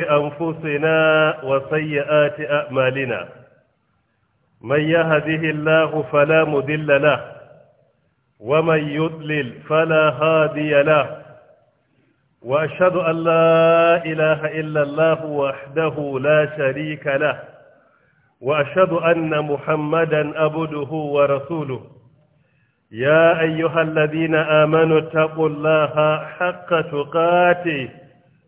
أنفسنا وسيئات أعمالنا من يهده الله فلا مدل له ومن يضلل فلا هادي له وأشهد أن لا إله إلا الله وحده لا شريك له وأشهد أن محمدا أبده ورسوله يا أيها الذين آمنوا اتقوا الله حق تقاته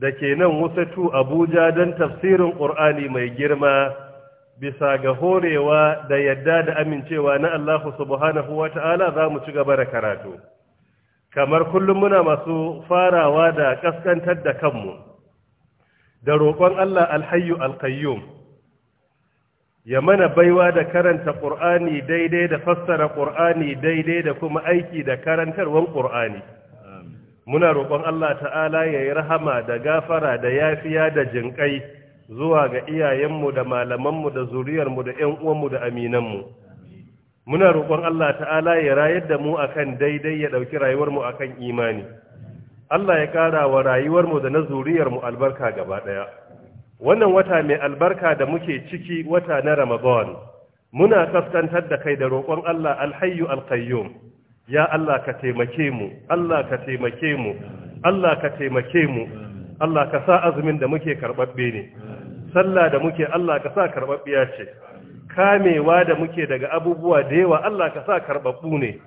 da ke nan wasatu abuja don tafsirin ƙur'ani mai girma bisa ga horewa da yadda da amincewa na allahu subhanahu wa ta'ala za mu ci gaba da karatu kamar kullum muna masu farawa da ƙaskantar da kanmu da roƙon allah alhayyu alkayyum ya mana baiwa da karanta ƙur'ani daidai da fassara ƙur'ani daidai da kuma aiki da karantarwan ƙur'ani muna roƙon Allah ta'ala ya yi rahama da gafara da yafiya da jinƙai zuwa ga iyayenmu da malamanmu da zuriyarmu da ‘yan uwanmu da aminanmu. Muna roƙon Allah ta'ala ya rayar da mu akan daidai ya ɗauki rayuwarmu akan imani. Allah ya ƙara wa rayuwarmu da na zuriyarmu albarka gaba ɗaya. Wannan wata mai albarka da muke ciki wata na Ramadan. Muna kaskantar da kai da roƙon Allah alhayyu alqayyum. ya Allah ka taimake mu Allah ka taimake mu Allah ka taimake mu Allah ka sa azumin da muke karbabbe ne sallah da muke Allah ka sa karbabbiya ce kamewa da muke daga abubuwa da yawa Allah ka sa karbabbu ne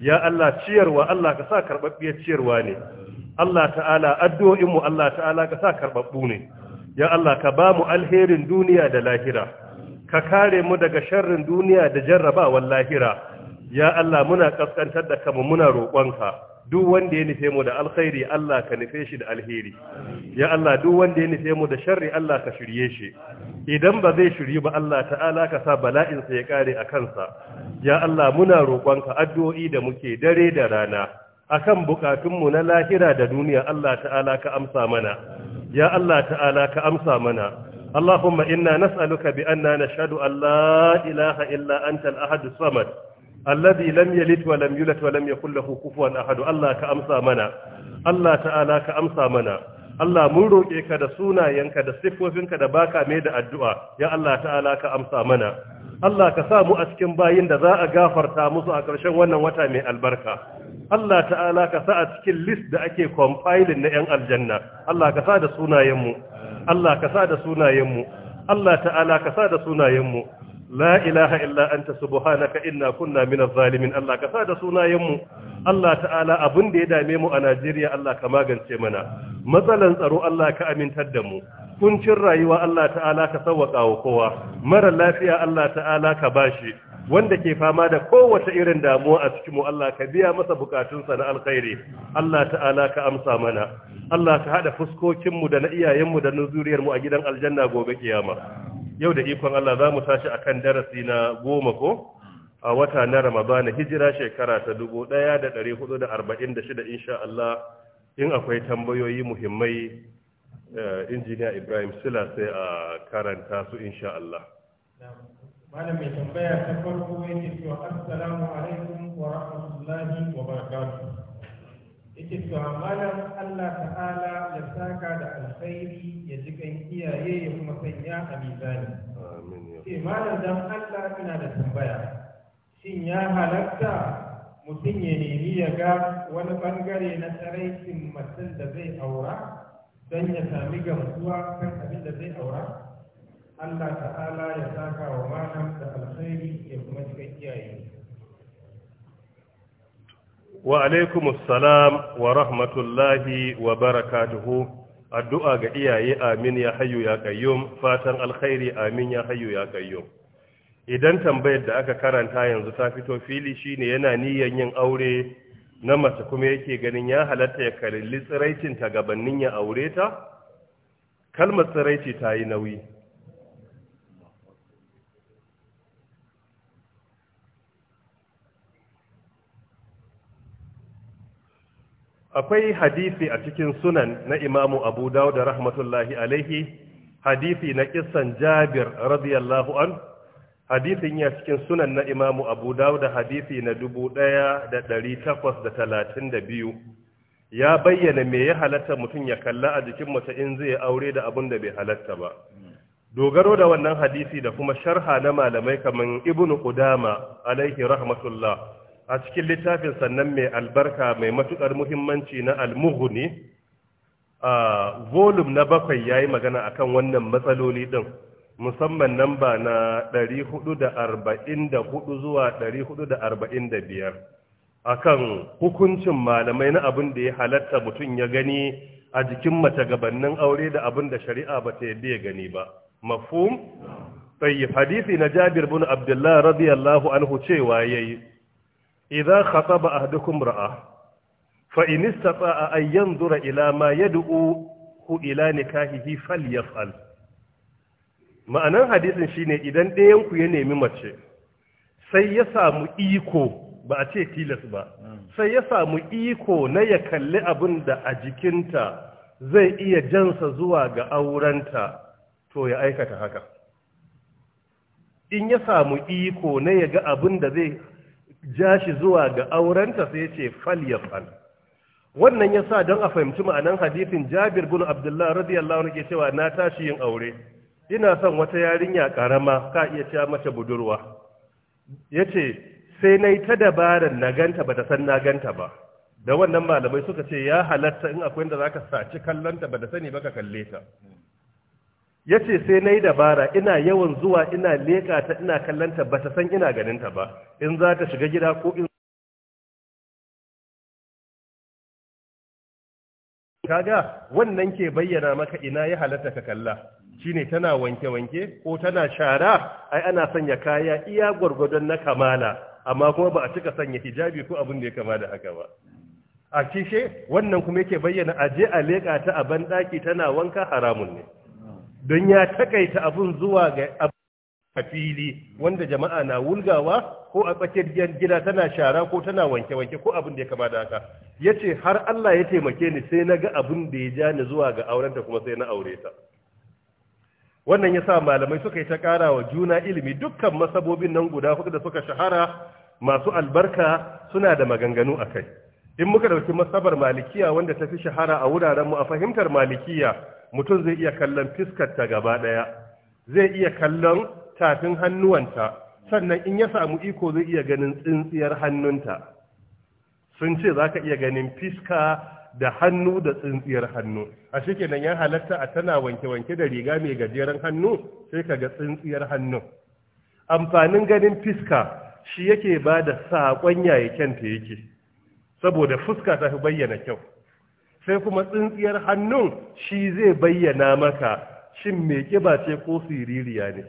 ya Allah ciyarwa Allah ka sa karɓaɓɓiyar ciyarwa ne Allah ta'ala addu'o'inmu Allah ta'ala ka sa karbabbu ne ya Allah ka ba mu alherin duniya da lahira ka kare mu daga sharrin duniya da jarrabawar lahira ya Allah muna kaskantar da kama muna roƙonka duk wanda ya nufe mu da alkhairi Allah ka nufe shi da alheri ya Allah duk wanda ya nufe mu da sharri Allah ka shirye shi idan ba zai shiryu ba Allah ta'ala ka sa bala'in sa ya kare a kansa ya Allah muna roƙonka addu'o'i da muke dare da rana akan bukatun mu na lahira da duniya Allah ta'ala ka amsa mana ya Allah ta'ala ka amsa mana اللهم إنا نسألك بأننا نشهد أن لا إله إلا أنت الأحد الصمد alladhi lam yalid wa lam yulad wa lam yakul lahu kufuwan ahad Allah ka amsa mana Allah ta'ala ka amsa mana Allah mun roƙe ka da sunayenka da siffofinka da baka mai da addu'a ya Allah ta'ala ka amsa mana Allah ka sa mu a cikin bayin da za a gafarta musu a ƙarshen wannan wata mai albarka Allah ta'ala ka sa a cikin list da ake compiling na 'yan aljanna Allah ka sa da sunayenmu Allah ka sa da sunayenmu Allah ta'ala ka sa da sunayenmu la ilaha illa أنت subhanaka inna kunna من الظالمين Allah ka sa da sunayenmu Allah ta'ala abin da ya dame mu a Najeriya Allah ka magance mana كأمين tsaro Allah ka amintar da mu kuncin rayuwa Allah ta'ala ka sauwaka wa kowa mara lafiya Allah ta'ala ka shi. wanda ke fama da kowace irin damuwa a cikin mu Allah ka biya masa bukatunsa na alkhairi Allah ta'ala ka amsa mana Allah ka hada fuskokin da na iyayenmu da na zuriyarmu a gidan aljanna gobe kiyama yau da ikon Allah za mu tashi akan darasi na goma ko a wata na Ramadan hijira shekara ta 1446 insha Allah in akwai tambayoyi muhimmai eh, injiniya Ibrahim Sila sai a karanta su insha Allah. Malam mai tambaya ta farko yake cewa assalamu alaikum wa rahmatullahi wa barakatuh. yake cewa malam Allah ta'ala ya saka da alkhairi ya ji kan iyaye ya kuma sanya a mizani ce malam dan Allah ina da tambaya shin ya halatta mutum ya nemi ya ga wani bangare na tsaraicin mutum da zai aura don ya sami gamsuwa kan abin da zai aura Allah ta'ala ya saka wa malam da alkhairi ya kuma ji iyaye wa alaikumus salam wa rahmatullahi wa barakatuhu addu'a ga iyaye amin ya hayyu ya qayyum fatan alkhairi amin ya hayyu ya idan tambayar da aka karanta yanzu ta fito fili shine yana niyan yin aure na mace kuma yake ganin ya halatta ya kalli tsiraicin ta gabanin ya aure ta kalmar tsiraici ta yi nauyi akwai hadisi a cikin sunan na imamu abu dawud da rahmatullahi alaihi hadisi na kisan jabir radiyallahu an hadisin ya cikin sunan na imamu abu dawud da hadisi na dubu ɗaya da ɗari takwas da talatin da biyu ya bayyana me ya halatta mutum ya kalla a jikin mace in zai aure da abun da bai halatta ba dogaro da wannan hadisi da kuma sharha na malamai kamar ibnu qudama alaihi rahmatullah a cikin littafin sannan mai albarka mai matuƙar muhimmanci na almuhuni a volume na bakwai ya yi magana a kan wannan matsaloli ɗin, musamman namba na 444 zuwa 445 kan hukuncin malamai na abin da ya halatta mutum ya gani a jikin mace gabannin aure da abin da shari'a ba ta yi gani ba mafhum tsayi hadisi na Jabir bin abdullahi radiyallahu anhu cewa yi. idza khataba ahadukum mura'a, fa in istata'a an yanzura ila ma yad'u hu ila nikahihi falyaf'al ma'anan hadisin shine idan ɗayanku ya nemi mace sai ya samu iko a ce tilas ba sai ya iko na ya kalli abin da a jikinta zai iya jansa zuwa ga aurenta to ya aikata haka in ya samu iko na ya ga abin da zai ja shi zuwa ga aurenta sai ce fal yafal wannan yasa don a fahimci ma'anan hadisin Jabir bin Abdullahi radiyallahu anhu ke cewa na tashi yin aure ina son wata yarinya karama ka iya cewa mace budurwa yace sai nayi ta dabaran na ganta bata san na ganta ba da wannan malamai suka ce ya halatta in akwai inda zaka saci kallonta bata sani ba ka kalle ta ya ce sai na yi dabara ina yawan zuwa ina leƙa ta ina kallanta ba ta san ina ganinta ba in za ta shiga gida ko in kaga wannan ke bayyana maka ina ya halatta ka kalla shine tana wanke-wanke ko tana shara ai ana sanya kaya iya gwargwadon na kamala amma kuma ba a cika sanya hijabi ko abin da ya kama da haka ba a kishe wannan kuma yake bayyana aje a leƙa ta a banɗaki tana wanka haramun ne don ya takaita abun zuwa ga a fili wanda jama'a na wulgawa ko a tsakiyar gida tana shara ko tana wanke-wanke ko abin da ya kama da haka ya ce har Allah ya taimake ni sai na ga abin da ya ja ni zuwa ga auren aurenta kuma sai na aure ta wannan ya sa malamai suka yi ta ƙara wa juna ilimi dukkan masabobin nan guda kuka da suka shahara masu albarka suna da maganganu a kai in muka ɗauki masabar malikiya wanda ta fi shahara a wuraren mu a fahimtar malikiya mutum zai iya kallon fiskarta gaba ɗaya zai iya kallon tafin hannuwanta sannan in ya samu iko zai iya ganin tsintsiyar hannunta sun ce za ka iya ganin fiska da hannu da tsintsiyar hannu a shi kenan ya halatta a tana wanke-wanke da riga mai gajeren hannu sai ka ga tsintsiyar hannu. amfanin ganin fiska shi yake ba da saƙon yayi kyanta yake saboda fuska ta fi bayyana kyau sai kuma tsintsiyar hannun shi zai bayyana maka shin mai kiba ce ko siririya ne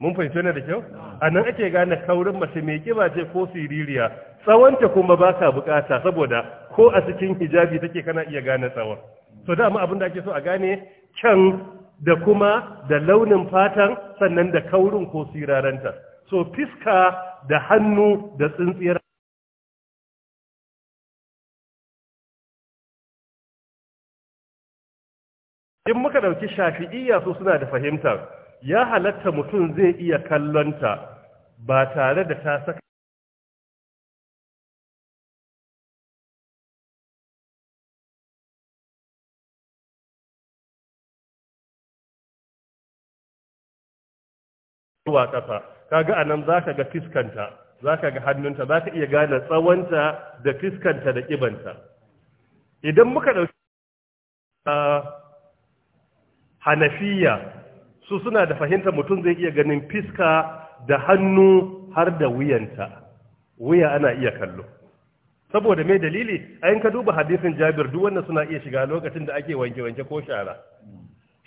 mun fahimci ne da kyau a nan ake gane kaurin mace mai kiba ce ko siririya tsawonta kuma baka ka bukata saboda ko a cikin hijabi take kana iya gane tsawon so dama abin da ake so a gane kyan da kuma da launin fatan sannan da kaurin ko siraranta so fiska da hannu da tsintsiyar in muka dauki shafi'iyya su suna da fahimtar ya halatta mutum zai iya kallonta ba tare da ta saka zuwa ƙasa kaga anan zaka ga fiskanta zaka ga hannunta zaka iya gane tsawonta da fiskanta da kibanta idan muka dauki hanafiya su suna da fahimta mutum zai iya ganin fiska da hannu har da wuyanta wuya ana iya kallo saboda mai dalili ayin ka duba hadisin jabir duk wannan suna iya shiga lokacin da ake wanke-wanke ko shara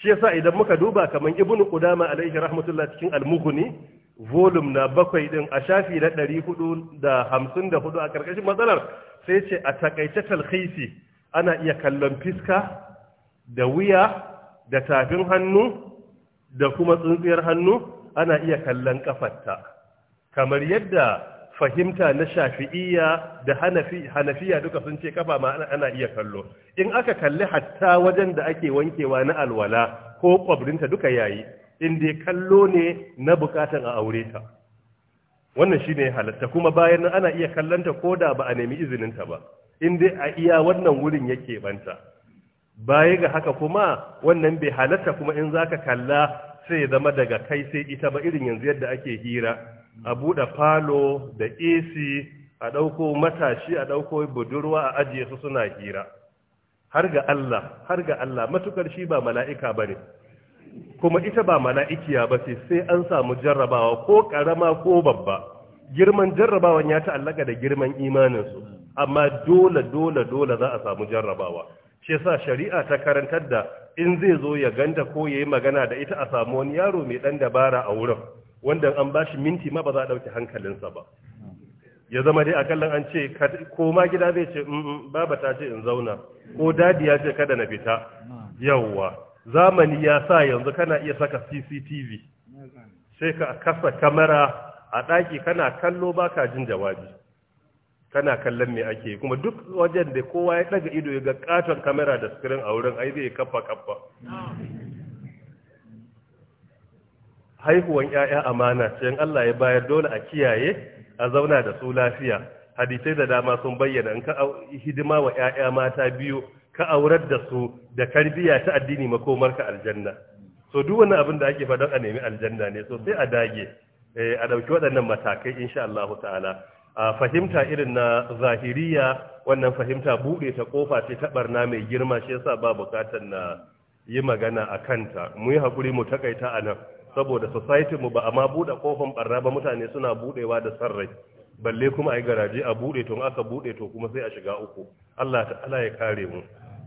shi yasa idan muka duba kamar ibnu qudama alaihi rahmatullah cikin al-mughni volume na bakwai din a shafi na 454 a karkashin matsalar sai ce a takaice talkhisi ana iya kallon fiska da wuya da tafin hannu da kuma tsintsiyar hannu ana iya kallon kafarta kamar yadda fahimta na shafi'iyya da hanafiya duka sun ce kafa ma ana iya kallo in aka kalli hatta wajen da ake wankewa na alwala ko kwabrinta duka yayi in dai kallo ne na bukatan a aure ta wannan shine halatta kuma bayan ana iya kallonta ko da ba a nemi izininta ba in dai a iya wannan wurin yake banta baya ga haka kuma wannan bai halarta kuma in zaka kalla sai ya zama daga kai sai ita ba irin yanzu yadda ake hira a buɗe falo da AC a ɗauko matashi a ɗauko budurwa a ajiye su suna hira har ga Allah har ga Allah matukar shi ba mala'ika bane kuma ita ba mala'ikiya ba ce sai an samu jarrabawa ko karama ko babba girman jarrabawan ya ta'allaka da girman imanin su amma dole dole dole za a samu jarrabawa shi yasa shari'a ta karantar da in zai zo ya ganda ko yayi magana da ita a samu wani yaro mai dan dabara a wurin wanda an bashi minti ma ba za a dauke hankalinsa ba ya zama dai akallan an ce ko ma gida zai ce baba ta ce in zauna ko dadi ya ce kada na fita yawwa zamani ya sa yanzu kana iya saka CCTV sai ka kasa kamera a ɗaki kana kallo baka jin jawabi kana kallon me ake kuma duk wajen da kowa ya daga ido ga katon kamera da screen a wurin ai zai kaffa kaffa haihuwan ƴaƴa amana ce in Allah ya bayar dole a kiyaye a zauna da su lafiya hadisai da dama sun bayyana in ka hidima wa ƴaƴa mata biyu ka aurar da su da karbiya ta addini makomarka aljanna so duk wani abin da ake fadan a nemi aljanna ne so sai a dage eh, a ɗauki waɗannan matakai insha Allah ta'ala fahimta irin na zahiriya wannan fahimta buɗe ta kofa ce ta barna mai girma shi yasa ba bukatar na yi magana a kanta mu yi haƙuri mu takaita a nan saboda society mu ba amma buɗe kofan barra ba mutane suna buɗewa da sarrai balle kuma a yi garaje a buɗe to aka buɗe to kuma sai a shiga uku Allah ta'ala ya kare mu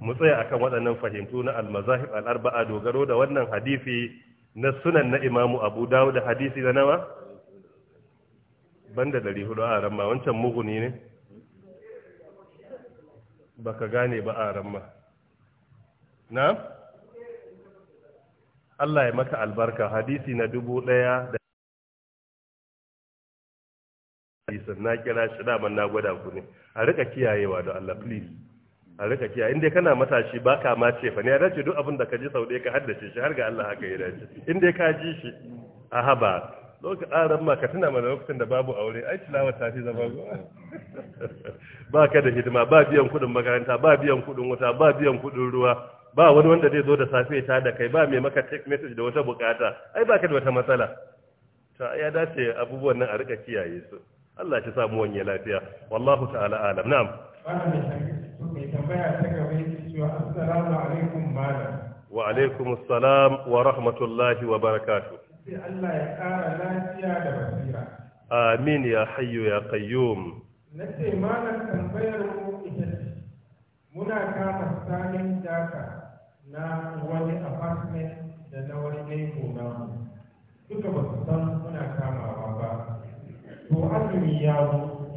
mu tsaya akan waɗannan fahimtu na al-mazahib al-arba'a dogaro da wannan hadisi na sunan na Imamu Abu Dawud hadisi da nawa banda dari hudu a ramma wancan muguni ne baka gane ba a ramma na Allah ya maka albarka hadisi na dubu ɗaya da hadisin na kira shi daman na gwada ku ne a rika kiyayewa da Allah please a rika kiyaye inda kana matashi ba ka ma ce fa ne a dace duk abin da ka ji sau ɗaya ka haddace shi har ga Allah haka ya dace inda ka ji shi a haba lokacin aran ma ka tuna mana lokacin da babu aure ai tilawa ta fi zama ba ka da hidima ba biyan kuɗin makaranta ba biyan kuɗin wuta ba biyan kuɗin ruwa ba wani wanda zai zo da safe ta da kai ba mai maka take message da wata bukata ai ba ka da wata matsala ta ya dace abubuwan nan a rika kiyaye su Allah ya samu wani lafiya wallahu ta'ala alam na'am mai tambaya ta gaba cewa alaikum malam wa alaikum assalam wa rahmatullahi wa barakatuh sai Allah ya ƙara lafiya da basira amin ya hayyu ya qayyum nace malam tambayar mu ita ce muna kama samun daka na wani apartment da na wani aiko namu duka ba su san muna kamawa ba to azumi ya zo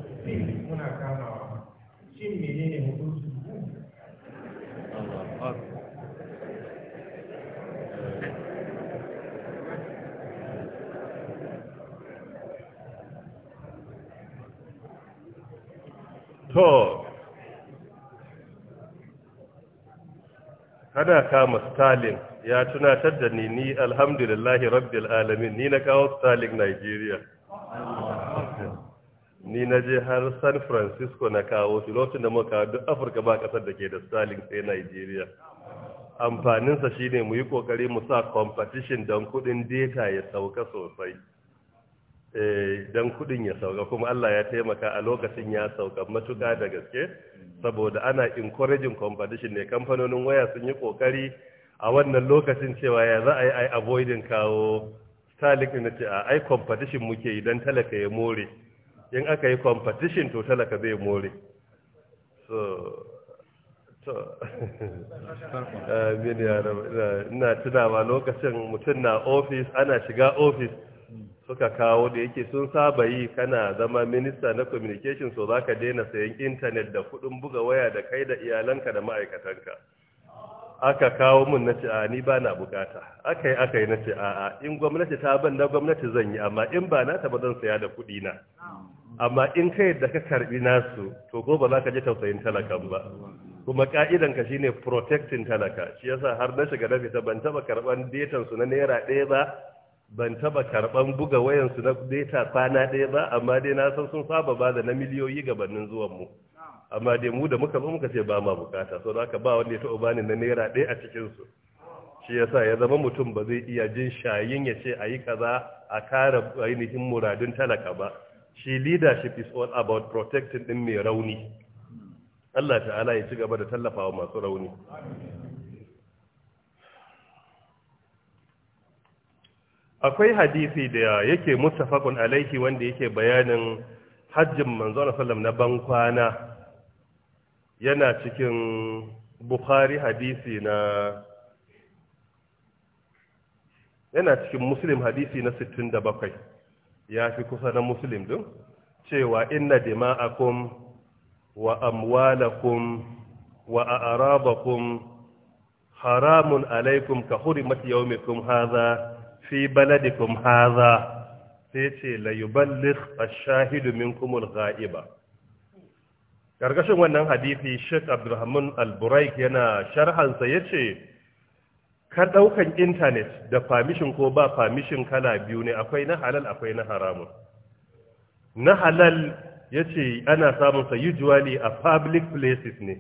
muna kamawa shin menene hukunci to kana kama stalin ya tunatar da ni ni alhamdulillahi rabbil alamin ni na kawo stalin nigeria ni na je har san francisco na kawo shi lokacin da muka duk afirka ba kasar da ke da stalin sai nigeria amfaninsa shi ne mu yi kokari mu sa competition don kudin data ya sauka sosai Eh, don kudin ya sauka kuma Allah ya taimaka a lokacin ya sauka matuka da gaske saboda ana encouraging competition ne kamfanonin waya sun yi kokari a wannan lokacin cewa ya za a yi ai avoiding kawo starlink na ce a ai competition muke yi don talaka ya more in aka yi competition to talaka zai more so to ina tunawa lokacin mutum na office ana shiga office suka kawo da yake sun saba yi kana zama minista na communication so za ka daina sayan intanet da kudin buga waya da kai da iyalanka da ma'aikatanka aka kawo mun na ce a ni ba na bukata aka yi aka yi na ce a'a in gwamnati ta ban na gwamnati zan yi amma in ba na ta ba zan saya da kuɗi na amma in kai da ka karbi nasu to gobe za ka ji tausayin talakan ba kuma ka'idan ka shine protecting talaka shi yasa har na shiga na fita ban taba karban detan su na naira ɗaya ba ban taba karban buga wayansu na data kwana ɗaya ba amma dai na san sun saba ba da na miliyoyi gabanin zuwan mu amma dai mu da muka ba muka ce ba ma bukata so da aka ba wanda ya taɓa bani na naira ɗaya a cikin su shi yasa ya zama mutum ba zai iya jin shayin ya ce a yi kaza a kara ainihin muradun talaka ba shi leadership is all about protecting din mai rauni Allah ta'ala ya ci gaba da tallafawa masu rauni akwai hadisi da yake muttafaqun alaihi wanda yake bayanin hajjin manzo sallam na bankwana yana cikin bukhari hadisi na yana cikin muslim hadisi na 67 ya fi kusa na muslim din cewa inna dima'akum wa amwalakum wa a'rabakum haramun alaikum ka hurimat yawmikum hadha fi baladikum haza sai ce la yuballigh ash-shahidu minkum al-ghaiba wannan hadisi Sheikh Abdulrahman Al-Buraik yana sharhansa sa yace ka daukan internet da permission ko ba permission kala biyu ne akwai na halal akwai na haramun na halal yace ana samun sa usually a public places ne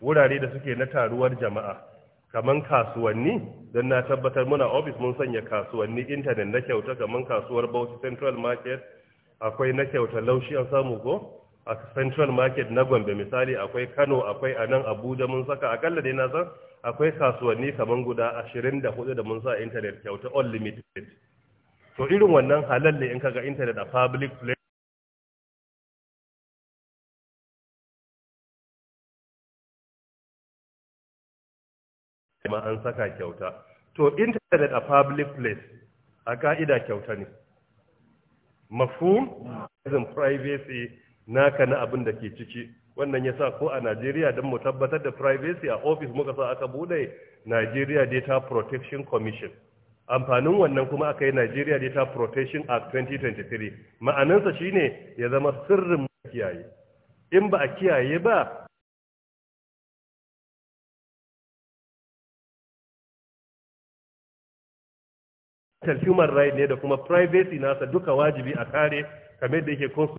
wurare da suke na taruwar jama'a kaman kasuwanni don na tabbatar muna ofis mun sanya kasuwanni intanet na kyauta kaman kasuwar bauchi central market akwai na kyauta laushi an samu ko a central market na gombe misali akwai kano akwai a nan abuja mun saka akalla dai na san akwai kasuwanni kaman guda ashirin da hudu da mun sa intanet kyauta all limited, to irin wannan halal ne in kaga intanet a public place ma an saka kyauta to internet a public place a ka'ida kyauta ne Mafu izin privacy naka na abin da ke ciki wannan yasa ko a Najeriya don mu tabbatar da privacy a office muka sa aka bude Nigeria Data Protection Commission amfanin wannan kuma aka yi Nigeria Data Protection Act 2023 ma'anansa shine ya zama sirrin kiyaye in ba a kiyaye ba human right ne da kuma privacy nasa duka wajibi a kare kamar da yake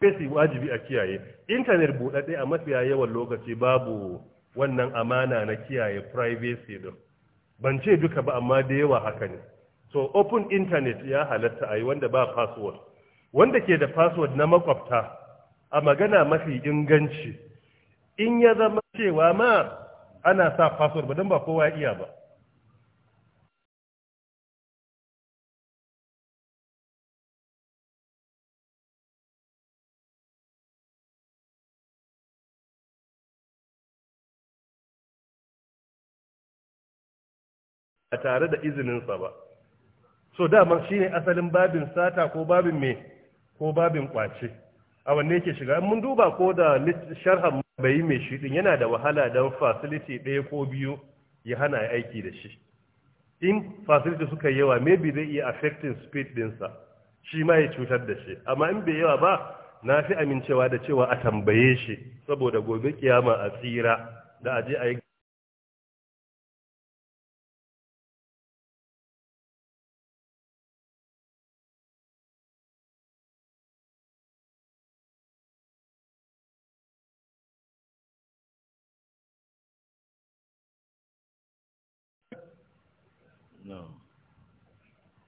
fesi wajibi a kiyaye intanet buɗaɗe a mafiya yawan lokaci babu wannan amana na kiyaye privacy ɗin. ban ce duka ba amma da yawa haka ne so open internet ya halatta a yi wanda ba password wanda ke da password na makwabta a magana mafi inganci in ya zama cewa ma ana sa password ba don ba kowa ya iya ba a tare da izininsa ba so daman shine asalin babin sata ko babin me ko babin kwace a wanne yake shiga mun duba ko da sharhan bai yi mai shi yana da wahala don facility ɗaya ko biyu ya hana aiki da shi in facility suka yi yawa maybe zai iya affecting speed dinsa shi ma ya cutar da shi amma in bai yawa ba na fi amincewa da cewa a tambaye shi saboda gobe kiyama a tsira da aje a yi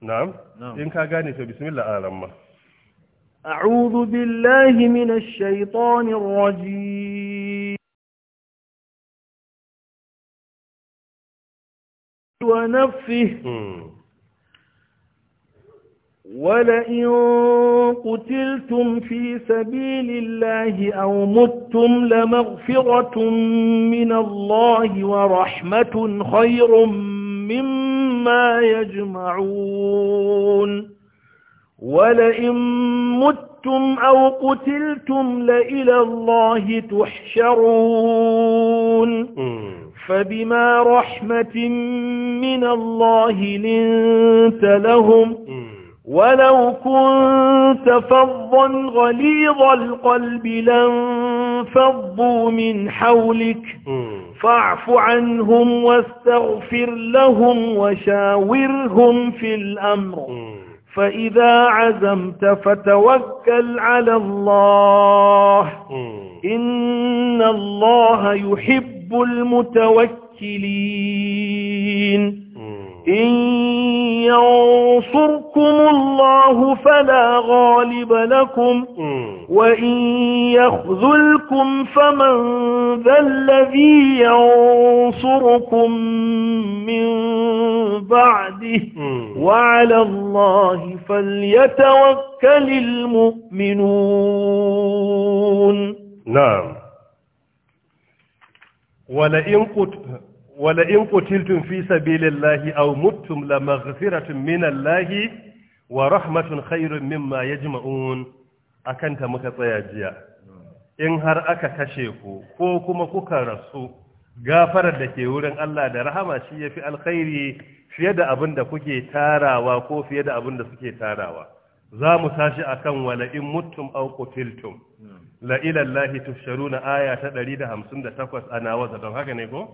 نعم, نعم. كان in ka بسم الله bismillah alamma أعوذ بالله من الشيطان الرجيم ونفه ولئن قتلتم في سبيل الله أو متم لمغفرة من الله ورحمة خير مما يجمعون ولئن متم أو قتلتم لإلى الله تحشرون فبما رحمة من الله لنت لهم ولو كنت فظا غليظ القلب لانفضوا من حولك فاعف عنهم واستغفر لهم وشاورهم في الأمر فإذا عزمت فتوكل على الله إن الله يحب المتوكلين إن ينصركم الله فلا غالب لكم وإن يخذلكم فمن ذا الذي ينصركم من بعده وعلى الله فليتوكل المؤمنون نعم ولئن قتل wala in qutiltum fi sabilillahi aw muttum la maghfiratun minallahi wa rahmatun khairun mimma yajma'un akanta muka tsaya jiya in har aka kashe ku ko kuma kuka rasu gafarar da ke wurin Allah da rahama shi yafi alkhairi fiye da abin kuke tarawa ko fiye da abinda suke tarawa za mu tashi akan wala in muttum aw qutiltum la ta ɗari da aya ta 158 ana waza don haka ne ko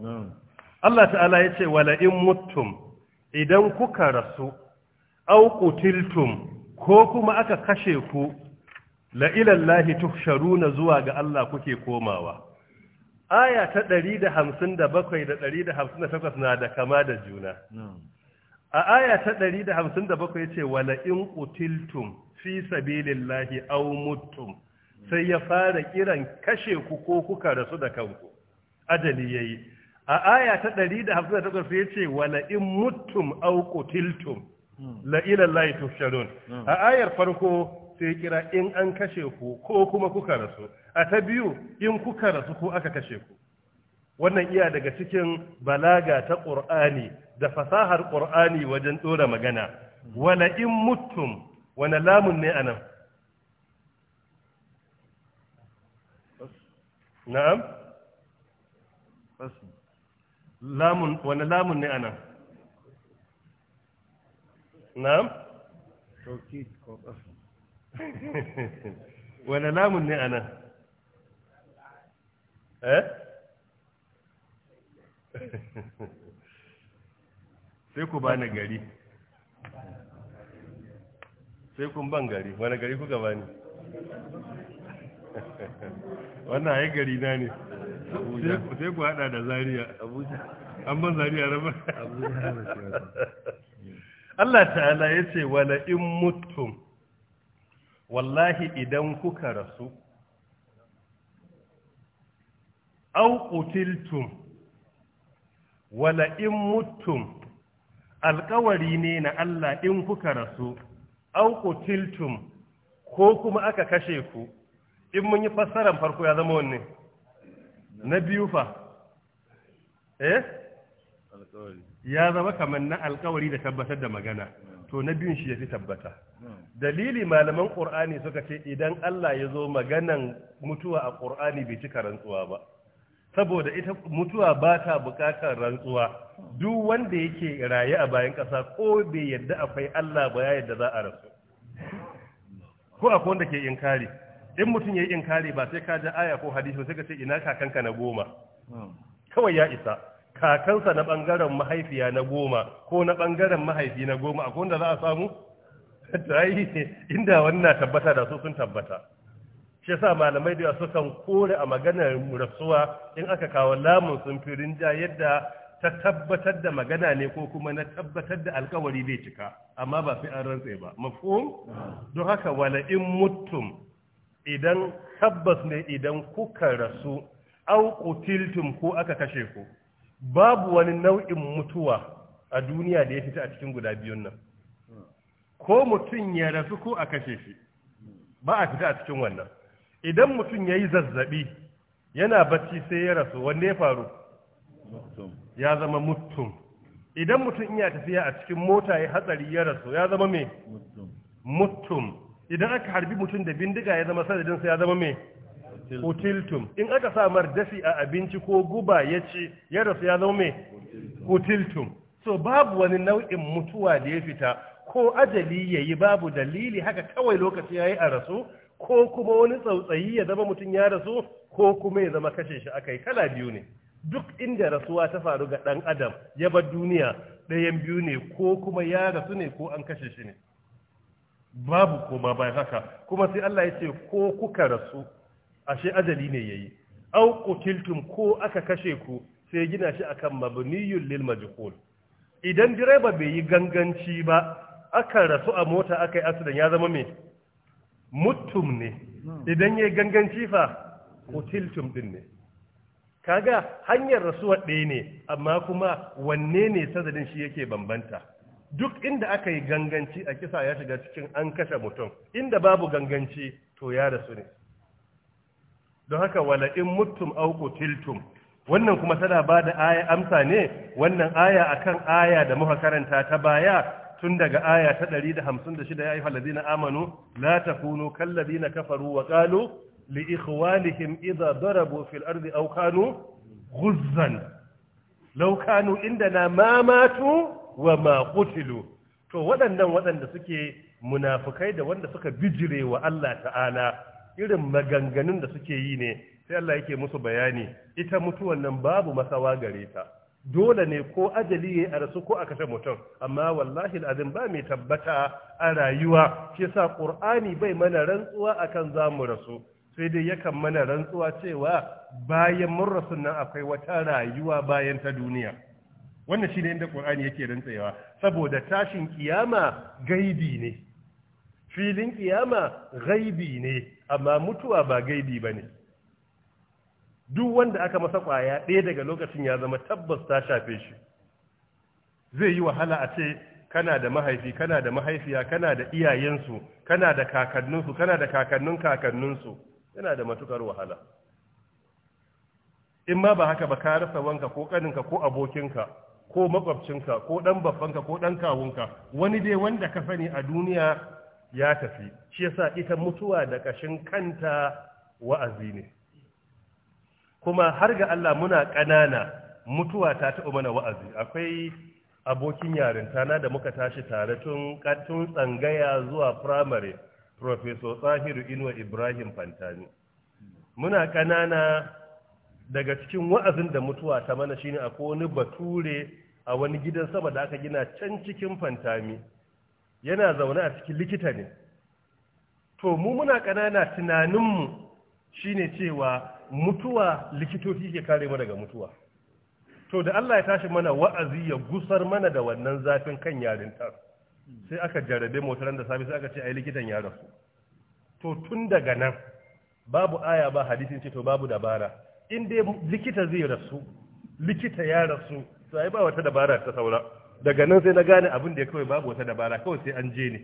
Allah ta'ala ya ce wala in mutum idan kuka rasu au qutiltum ko kuma aka kashe ku la'ilallahi ila Allahi zuwa ga Allah kuke komawa aya ta 157 da 158 na da kama da juna a aya ta 157 yace wala in qutiltum fi sabilillahi aw mutum sai ya fara kiran kashe ku ko kuka rasu da kanku ajali yayi a aya ta 158 sai ce wala in muttum aw qutiltum la ila allahi tuhsharun a ayar farko sai kira in an kashe ku ko kuma kuka rasu a ta biyu in kuka rasu ko aka kashe ku wannan iya daga cikin balaga ta qur'ani da fasahar qur'ani wajen dora magana wala in muttum wala lamun ne anan na'am lamun wani lamun ne anan na'am wani lamun ne ana eh sai ku bani gari sai kun ban gari wani gari kuka ne wannan ayi gari na ne sai ku hada da Zariya. an ban zariya rama Allah ta'ala ya ce wala in mutum wallahi idan kuka rasu au qutiltum wala in mutum alkawari ne na Allah in kuka rasu au qutiltum ko kuma aka kashe ku in mun yi fassarar farko ya zama wanne na biyu fa eh ya zama kamar na alkawari da tabbatar da magana to na biyun shi ya fi tabbata dalili malaman ƙur'ani suka ce idan Allah ya zo maganan mutuwa a ƙur'ani bai cika rantsuwa ba saboda ita mutuwa ba ta bukatar rantsuwa duk wanda yake raye a bayan ƙasa ko bai yadda akwai Allah ba ya yadda za a rasu ko akwai wanda ke inkari in mutum ya yi inkari ba sai ka ji aya ko hadisi sai ka ce ina kakanka na goma hmm. kawai ya isa kakansa na bangaren mahaifiya na goma ko na bangaren mahaifi na goma akwai wanda za a samu tarihi inda wannan tabbata da su sun tabbata shi yasa malamai da sukan kore a maganar rasuwa in aka kawo lamun sun fi rinja yadda ta tabbatar da magana ne ko kuma na tabbatar da alkawari zai cika amma ba sai an rantse ba mafhum hmm. don haka wala in mutum idan tabbas ne idan kuka rasu au kutiltum ko aka kashe ku babu wani nau'in mutuwa a duniya da ya fita a cikin guda biyun nan ko mutum ya rasu ko a kashe shi ba a fita a cikin wannan idan mutum ya yi zazzabi yana bacci sai ya rasu wanda ya faru ya zama mutum idan mutum iya tafiya a cikin mota ya hatsari ya rasu ya zama me mutum idan aka harbi mutum da bindiga ya zama sadadinsa sa ya zama mai hutiltum in aka sa mar a abinci ko guba ya ce ya rasu ya zama mai hutiltum so babu wani nau'in mutuwa da ya fita ko ajali ya yi babu dalili haka kawai lokaci ya yi a rasu ko kuma wani tsautsayi ya zama mutum ya rasu ko kuma ya zama kashe shi aka yi kala biyu ne duk inda rasuwa ta faru ga ɗan adam ya bar duniya ɗayan biyu ne ko kuma ya rasu ne ko an kashe shi ne babu kuma bai haka kuma sai Allah ya ce ko kuka rasu ashe ajali ne yayi au qutiltum ko aka kashe ku sai gina shi akan mabniyul lil majhul idan direba bai yi ganganci ba aka rasu a mota aka yi asidan ya zama me mutum ne idan ya ganganci fa qutiltum din ne kaga hanyar rasuwa ɗaya ne amma kuma wanne ne sadadin shi yake bambanta duk inda aka yi ganganci a kisa ya shiga cikin an kashe mutum inda babu ganganci to ya rasu ne don haka wala in mutum auku tiltum wannan kuma tana ba da aya amsa ne wannan aya akan aya da muka karanta ta baya tun daga aya ta 156 ya yi ladina amanu la takunu kal kafaru wa qalu li ikhwanihim idha darabu fil ardi aw kanu ghuzzan law kanu indana ma matu wa ma qutilu to waɗannan waɗanda suke munafukai da wanda suka bijire wa Allah ta'ala irin maganganun da suke yi ne sai Allah yake musu bayani ita mutuwan nan babu masawa gare ta dole ne ko ajali ya rasu ko a kashe mutum amma wallahi al'adun ba mai tabbata a rayuwa shi yasa qur'ani bai mana rantsuwa akan zamu rasu sai dai yakan mana rantsuwa cewa bayan mun rasu nan akwai wata rayuwa bayan ta duniya wannan shi ne inda ƙorani yake rantsewa saboda tashin kiyama gaibi ne filin kiyama gaibi ne amma mutuwa ba gaibi ba ne. duk wanda aka masa ƙwaya ɗaya daga lokacin ya zama tabbas ta shafe shi zai yi wahala a ce kana da mahaifi kana da mahaifiya kana da iyayensu kana da kakanninsu kana da kakannin kakanninsu yana da matukar wahala in ma ba haka ba ka rasa wanka ko kaninka ko abokinka ko makwabcinka ko dan babbanka ko dan kawunka wani dai wanda ka sani a duniya ya tafi shi yasa ita mutuwa da kashin kanta wa'azi ne kuma har ga Allah muna ƙanana mutuwa ta taɓa mana wa'azi akwai abokin yarinta na da muka tashi tare tun katun tsangaya zuwa primary professor Tsahiru Inuwa Ibrahim Fantani muna ƙanana daga cikin wa'azin da mutuwa ta mana shine akwai wani bature a wani gidan sama da aka gina can cikin fantami yana zaune a cikin likita ne to mu muna ƙanana tunaninmu shine cewa mutuwa likitoci ke kare mu daga mutuwa to da Allah ya tashi mana wa'azi ya gusar mana da wannan zafin kan ta sai aka jarabe motaran da safe sai aka ce ai likitan ya rasu to tun daga nan babu aya ba hadisin ce to babu dabara in dai likita zai rasu likita ya rasu to ai ba wata dabara ta saura daga nan sai na gane abin da ya kawai babu wata dabara kawai sai an je ne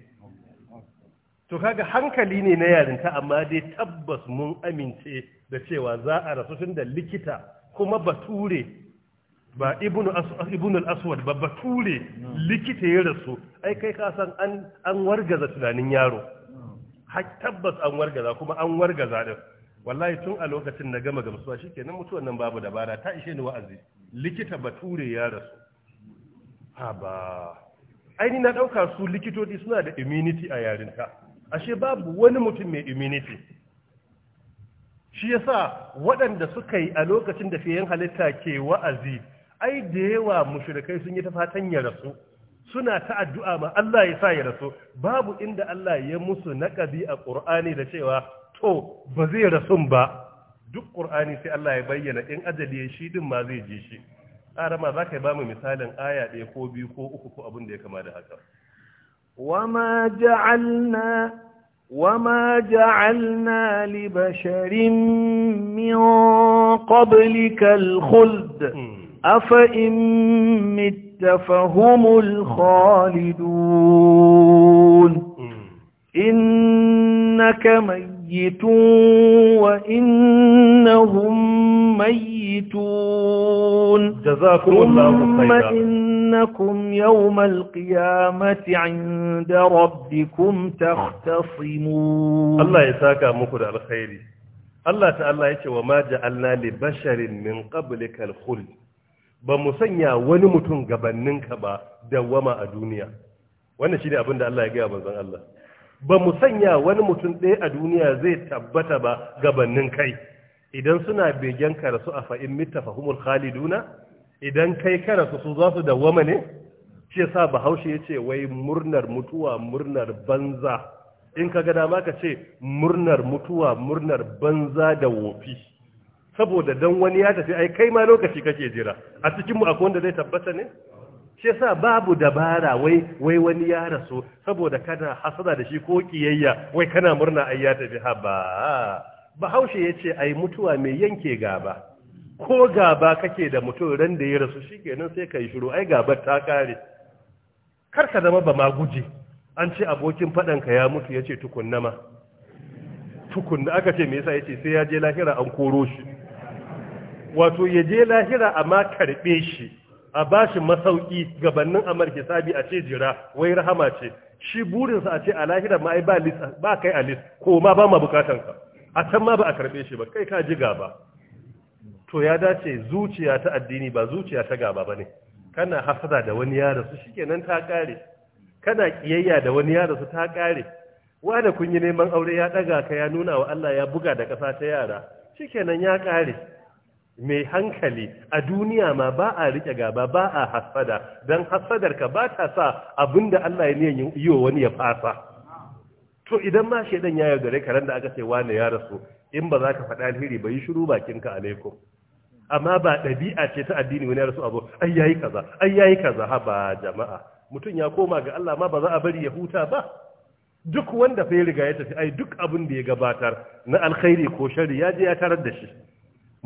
to kaga hankali ne na yarinta amma dai tabbas mun amince da cewa za a rasu tun da likita kuma bature ba ibnu al-aswad ba bature likita ya rasu ai kai ka san an an wargaza tunanin yaro har tabbas an wargaza kuma an wargaza din wallahi tun a lokacin na gama gamsuwa shikenan mutuwan nan babu dabara ta ishe ni wa'azi likita bature ya rasu ha ba aini na ɗauka su likitoci suna da immunity a yarinta ashe babu wani mutum mai immunity shi yasa waɗanda suka yi a lokacin da fiyen halitta ke wa'azi ai da yawa mushrikai sun yi ta fatan ya rasu suna ta addu'a ma Allah ya sa ya rasu babu inda Allah ya musu naƙabi a Qur'ani da cewa to ba zai rasun ba duk ƙur'ani sai Allah ya bayyana in ajali shi din ma zai ji shi arama za ka ba mu misalin aya ɗaya ko biyu ko uku ko abin da ya kama da haka wama ja'alna وما جعلنا لبشر من قبلك الخلد أفإن مت فهم الخالدون إنك ميتون وإنهم ميتون جزاكم الله خيرا ثم إنكم يوم القيامة عند ربكم تختصمون الله يساك مكر الخير الله تعالى يتي وما جعلنا لبشر من قبلك الخلد بمسنيا ونمتن قبننك با دوما الدنيا وانا شيني أبند الله يقيا بنزان الله ba mu sanya wani mutum ɗaya a duniya zai tabbata ba gabanin kai idan suna begen karasu a fa'in mita fahimul khaliduna idan kai karasu su za su wama ne sa ba bahaushe ya ce wai murnar mutuwa murnar banza in ka gada ma ka ce murnar mutuwa murnar banza da wofi saboda don wani ya tafi ai kai ma lokaci kake jira a cikinmu akwai wanda zai tabbata ne shi yasa babu dabara wai wai wani ya rasu saboda kana hasada da shi ko kiyayya wai kana murna ai ya tafi haba bahaushe yace ai mutuwa mai yanke gaba ko gaba kake da mutum ran da ya rasu shikenan sai kai shiru ai gabar ta kare kar ka zama ba ma guje an ce abokin fadan ka ya mutu yace tukunna ma tukunna aka ce me yasa yace sai ya je lahira an koro shi wato ya je lahira amma karbe shi a shi masauki gabanin amarki sabi a ce jira wai rahama ce shi burinsa a ce a lahira ma ai ba kai a list ko ma ba ma bukatan ka a can ma ba a karbe shi ba kai ka ji gaba to ya dace zuciya ta addini ba zuciya ta gaba ba bane kana hasada da wani ya rasu shikenan ta kare kana kiyayya da wani ya rasu ta kare wanda kun yi neman aure ya daga ka ya nuna wa Allah ya buga da kasa ta yara kenan ya kare mai hankali a duniya ma ba a rike gaba ba a hasada don hasadarka ba ta sa abinda Allah ya niyan yi wa wani ya fasa to idan ma shedan ya yaudare ka ran da aka ce wane ya rasu in ba za ka faɗa alheri ba yi shiru bakinka alaikum amma ba ɗabi'a ce ta addini wani ya rasu abu ai yayi kaza ai yayi kaza ha ba jama'a mutum ya koma ga Allah ma ba za a bari ya huta ba duk wanda fa ya riga ya tafi ai duk abin da ya gabatar na alkhairi ko shari ya je ya tarar da shi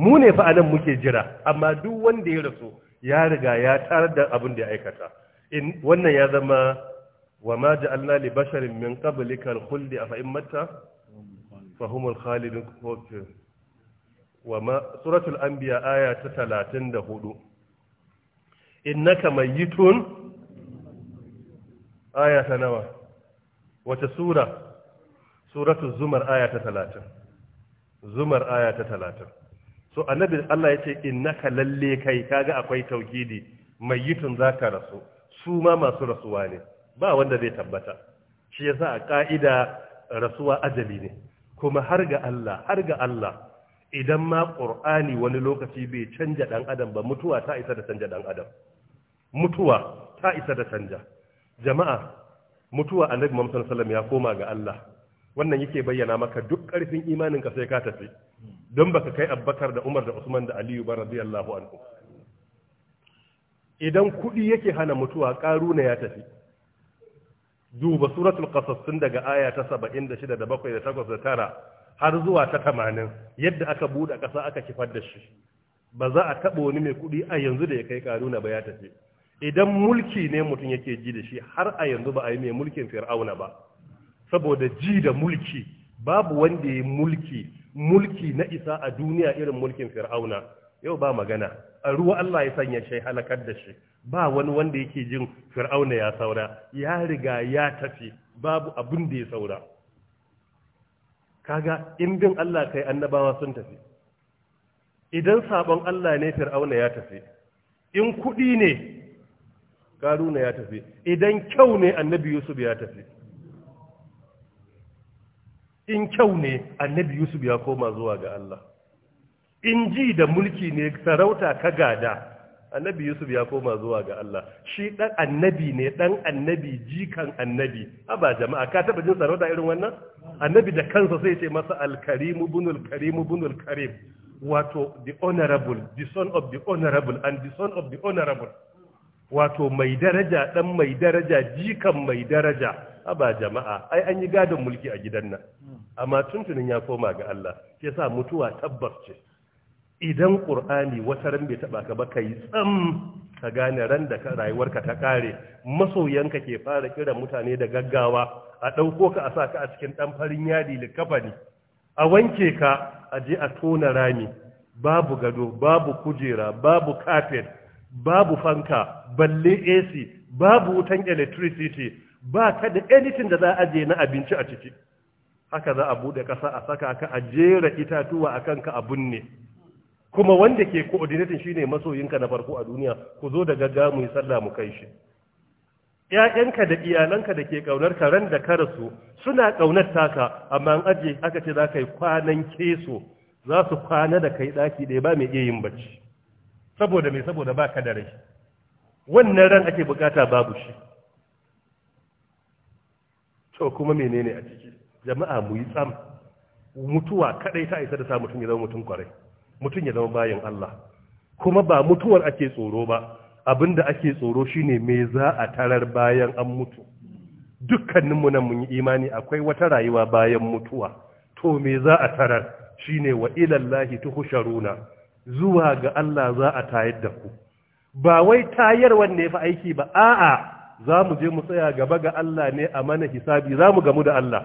mu ne fa anan muke jira amma duk wanda ya rasu ya riga ya tarar da abin da ya aikata in wannan ya zama wa ma ja'alna li basharin min qablika al-khuldi afa in matta fa humul khalidun wa ma suratul anbiya aya ta 34 innaka mayyitun aya ta nawa wata sura suratul zumar aya ta 30 zumar aya ta 30 so annabi Allah ya ce innaka lalle kai kaga akwai tauhidi mai yitun zaka rasu su ma masu rasuwa ne ba wanda zai tabbata shi yasa a ka'ida rasuwa ajali ne kuma har ga Allah har ga Allah idan ma qur'ani wani lokaci bai canja dan adam ba mutuwa ta isa da canja dan adam mutuwa ta isa da canja jama'a mutuwa annabi Muhammad sallallahu alaihi wasallam ya koma ga Allah wannan yake bayyana maka duk karfin imanin ka sai ka tafi don baka kai abbakar da umar da usman da aliyu ba radiyallahu anhu idan kuɗi yake hana mutuwa ƙaruna ya tafi duba suratul qasas tun daga aya ta 76 da shida da bakwai da 9 har zuwa ta 80 yadda aka buɗe ƙasa aka kifar da shi ba za a taɓa wani mai kuɗi a yanzu da ya kai ƙaruna ba ya tafi idan mulki ne mutum yake ji da shi har a yanzu ba a yi mai mulkin fir'auna ba saboda ji da mulki babu wanda ya mulki mulki na isa a duniya irin mulkin fir'auna yau ba magana a ruwa Allah ya sanya shi halakar da shi ba wani wanda yake jin fir'auna ya saura ya riga ya tafi babu abin da ya saura kaga in bin Allah kai annabawa sun tafi idan sabon Allah ne fir'auna ya tafi in kudi ne karuna ya tafi idan kyau ne annabi yusuf ya tafi in kyau ne annabi yusuf ya koma zuwa ga Allah in ji da mulki ne sarauta ka gada annabi yusuf ya koma zuwa ga Allah shi dan annabi ne dan annabi jikan annabi aba jama'a ka taba jin sarauta irin wannan annabi da kansa sai ce masa al-karim ibnul karim ibnul karim wato the honorable the son of the honorable and the son of the honorable wato mai daraja dan mai daraja jikan mai daraja haba jama'a ai an yi gadon mulki a gidan nan amma tuntunin ya koma ga Allah ke sa mutuwa tabbas ce idan qur'ani wata ran bai taba ka ba kai tsam ka gane ran da ka rayuwarka ta kare masoyanka ke fara kira mutane da gaggawa a dauko ka a saka a cikin dan farin yadi likafani a wanke ka a je a tona rami babu gado babu kujera babu kafet babu fanka balle AC babu wutan electricity ba ka da editin da za a je na abinci a ciki haka za a bude kasa a saka ka a jera itatuwa a kanka a binne kuma wanda ke coordinating shine masoyinka na farko a duniya ku zo da gaggawa mu yi sallah mu kai shi ‘ya'yanka da iyalanka da ke ƙaunar ran da karasu suna ƙaunar taka amma an aje aka ce za ka yi kwanan keso za su kwana da kai ɗaki ɗaya ba mai iya yin bacci saboda mai saboda ba ka da rai wannan ran ake bukata babu shi to kuma menene a ciki jama'a mu yi tsam mutuwa kadai ta isa da sa mutum ya zama mutum kwarai mutum ya zama bayan Allah kuma ba mutuwar ake tsoro ba abinda ake tsoro shine me za a tarar bayan an mutu dukkaninmu nan mun yi imani akwai wata rayuwa bayan mutuwa to me za a tarar shine wa ilallahi tuhsharuna zuwa ga Allah za a tayar da ku ba wai tayar wanne fa aiki ba a'a za mu je mu tsaya gaba ga Allah ne a mana hisabi za mu gamu da Allah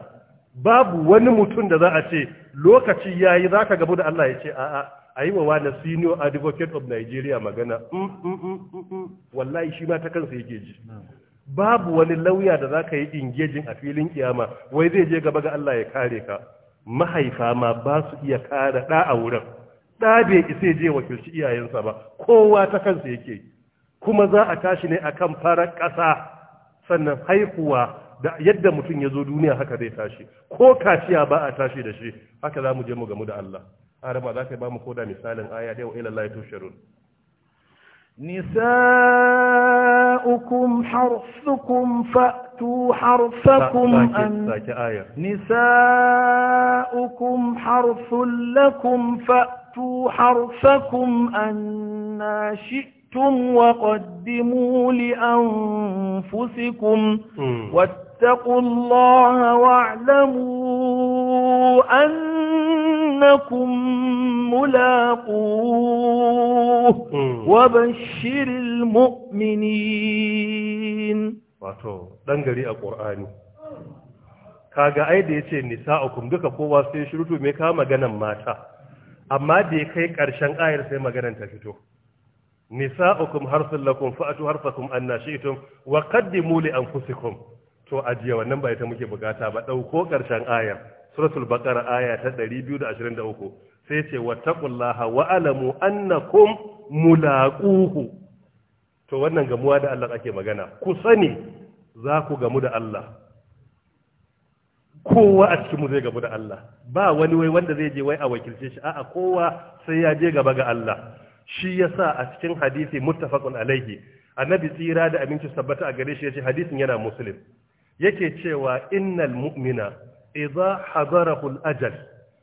babu wani mutum da za a ce lokaci ya yi za ka gamu da Allah ya ce a'a a yi wa wani senior advocate of Nigeria magana mm, mm, mm, wallahi shi ma ta kansa yake ji babu wani lauya da za ka yi ingejin a filin kiyama wai zai je gaba ga Allah ya kare ka mahaifa ma ba su iya kare ɗa a wurin ɗa bai isa je wakilci iyayensa ba kowa ta kansa yake kuma za a tashi ne akan farar ƙasa sannan haihuwa da yadda mutum ya zo duniya haka zai tashi ko kaciya ba a tashi da shi haka za mu je mu gamu da Allah arama za ka ba mu koda misalin aya da ila Allah tusharun nisa'ukum harsukum fa'tu harsakum an nisa'ukum harsul lakum fa'tu harsakum an شئتم وَقَدِّمُوا لِأَنفُسِكُمْ وَاتَّقُوا اللَّهَ وَاعْلَمُوا أَنَّكُمْ مُلَاقُوهُ وَبَشِّرِ الْمُؤْمِنِينَ wato ɗan gari a ƙor'ani kaga ai da ya ce nisa'ukum duka kowa sai shirutu mai kawo maganan mata amma da ya kai ƙarshen ayar sai maganan ta fito nisa'ukum harsun lakum fa'atu harsakum anna shi'tum wa qaddimu li anfusikum to ajiya wannan ba ita muke bukata ba dauko karshen aya suratul baqara aya ta 223 sai ce wattaqullaha wa alamu annakum mulaquhu to wannan gamuwa da Allah ake magana ku sani za ku gamu da Allah kowa a cikin mu zai gamu da Allah ba wani wai wanda zai je wai a wakilce shi a'a kowa sai ya je gaba ga Allah shi yasa a cikin hadisi muttafaqun alaihi annabi tsira da aminci sabbata a gare shi yace hadisin yana muslim yake cewa innal mu'mina idza hadarahu al-ajal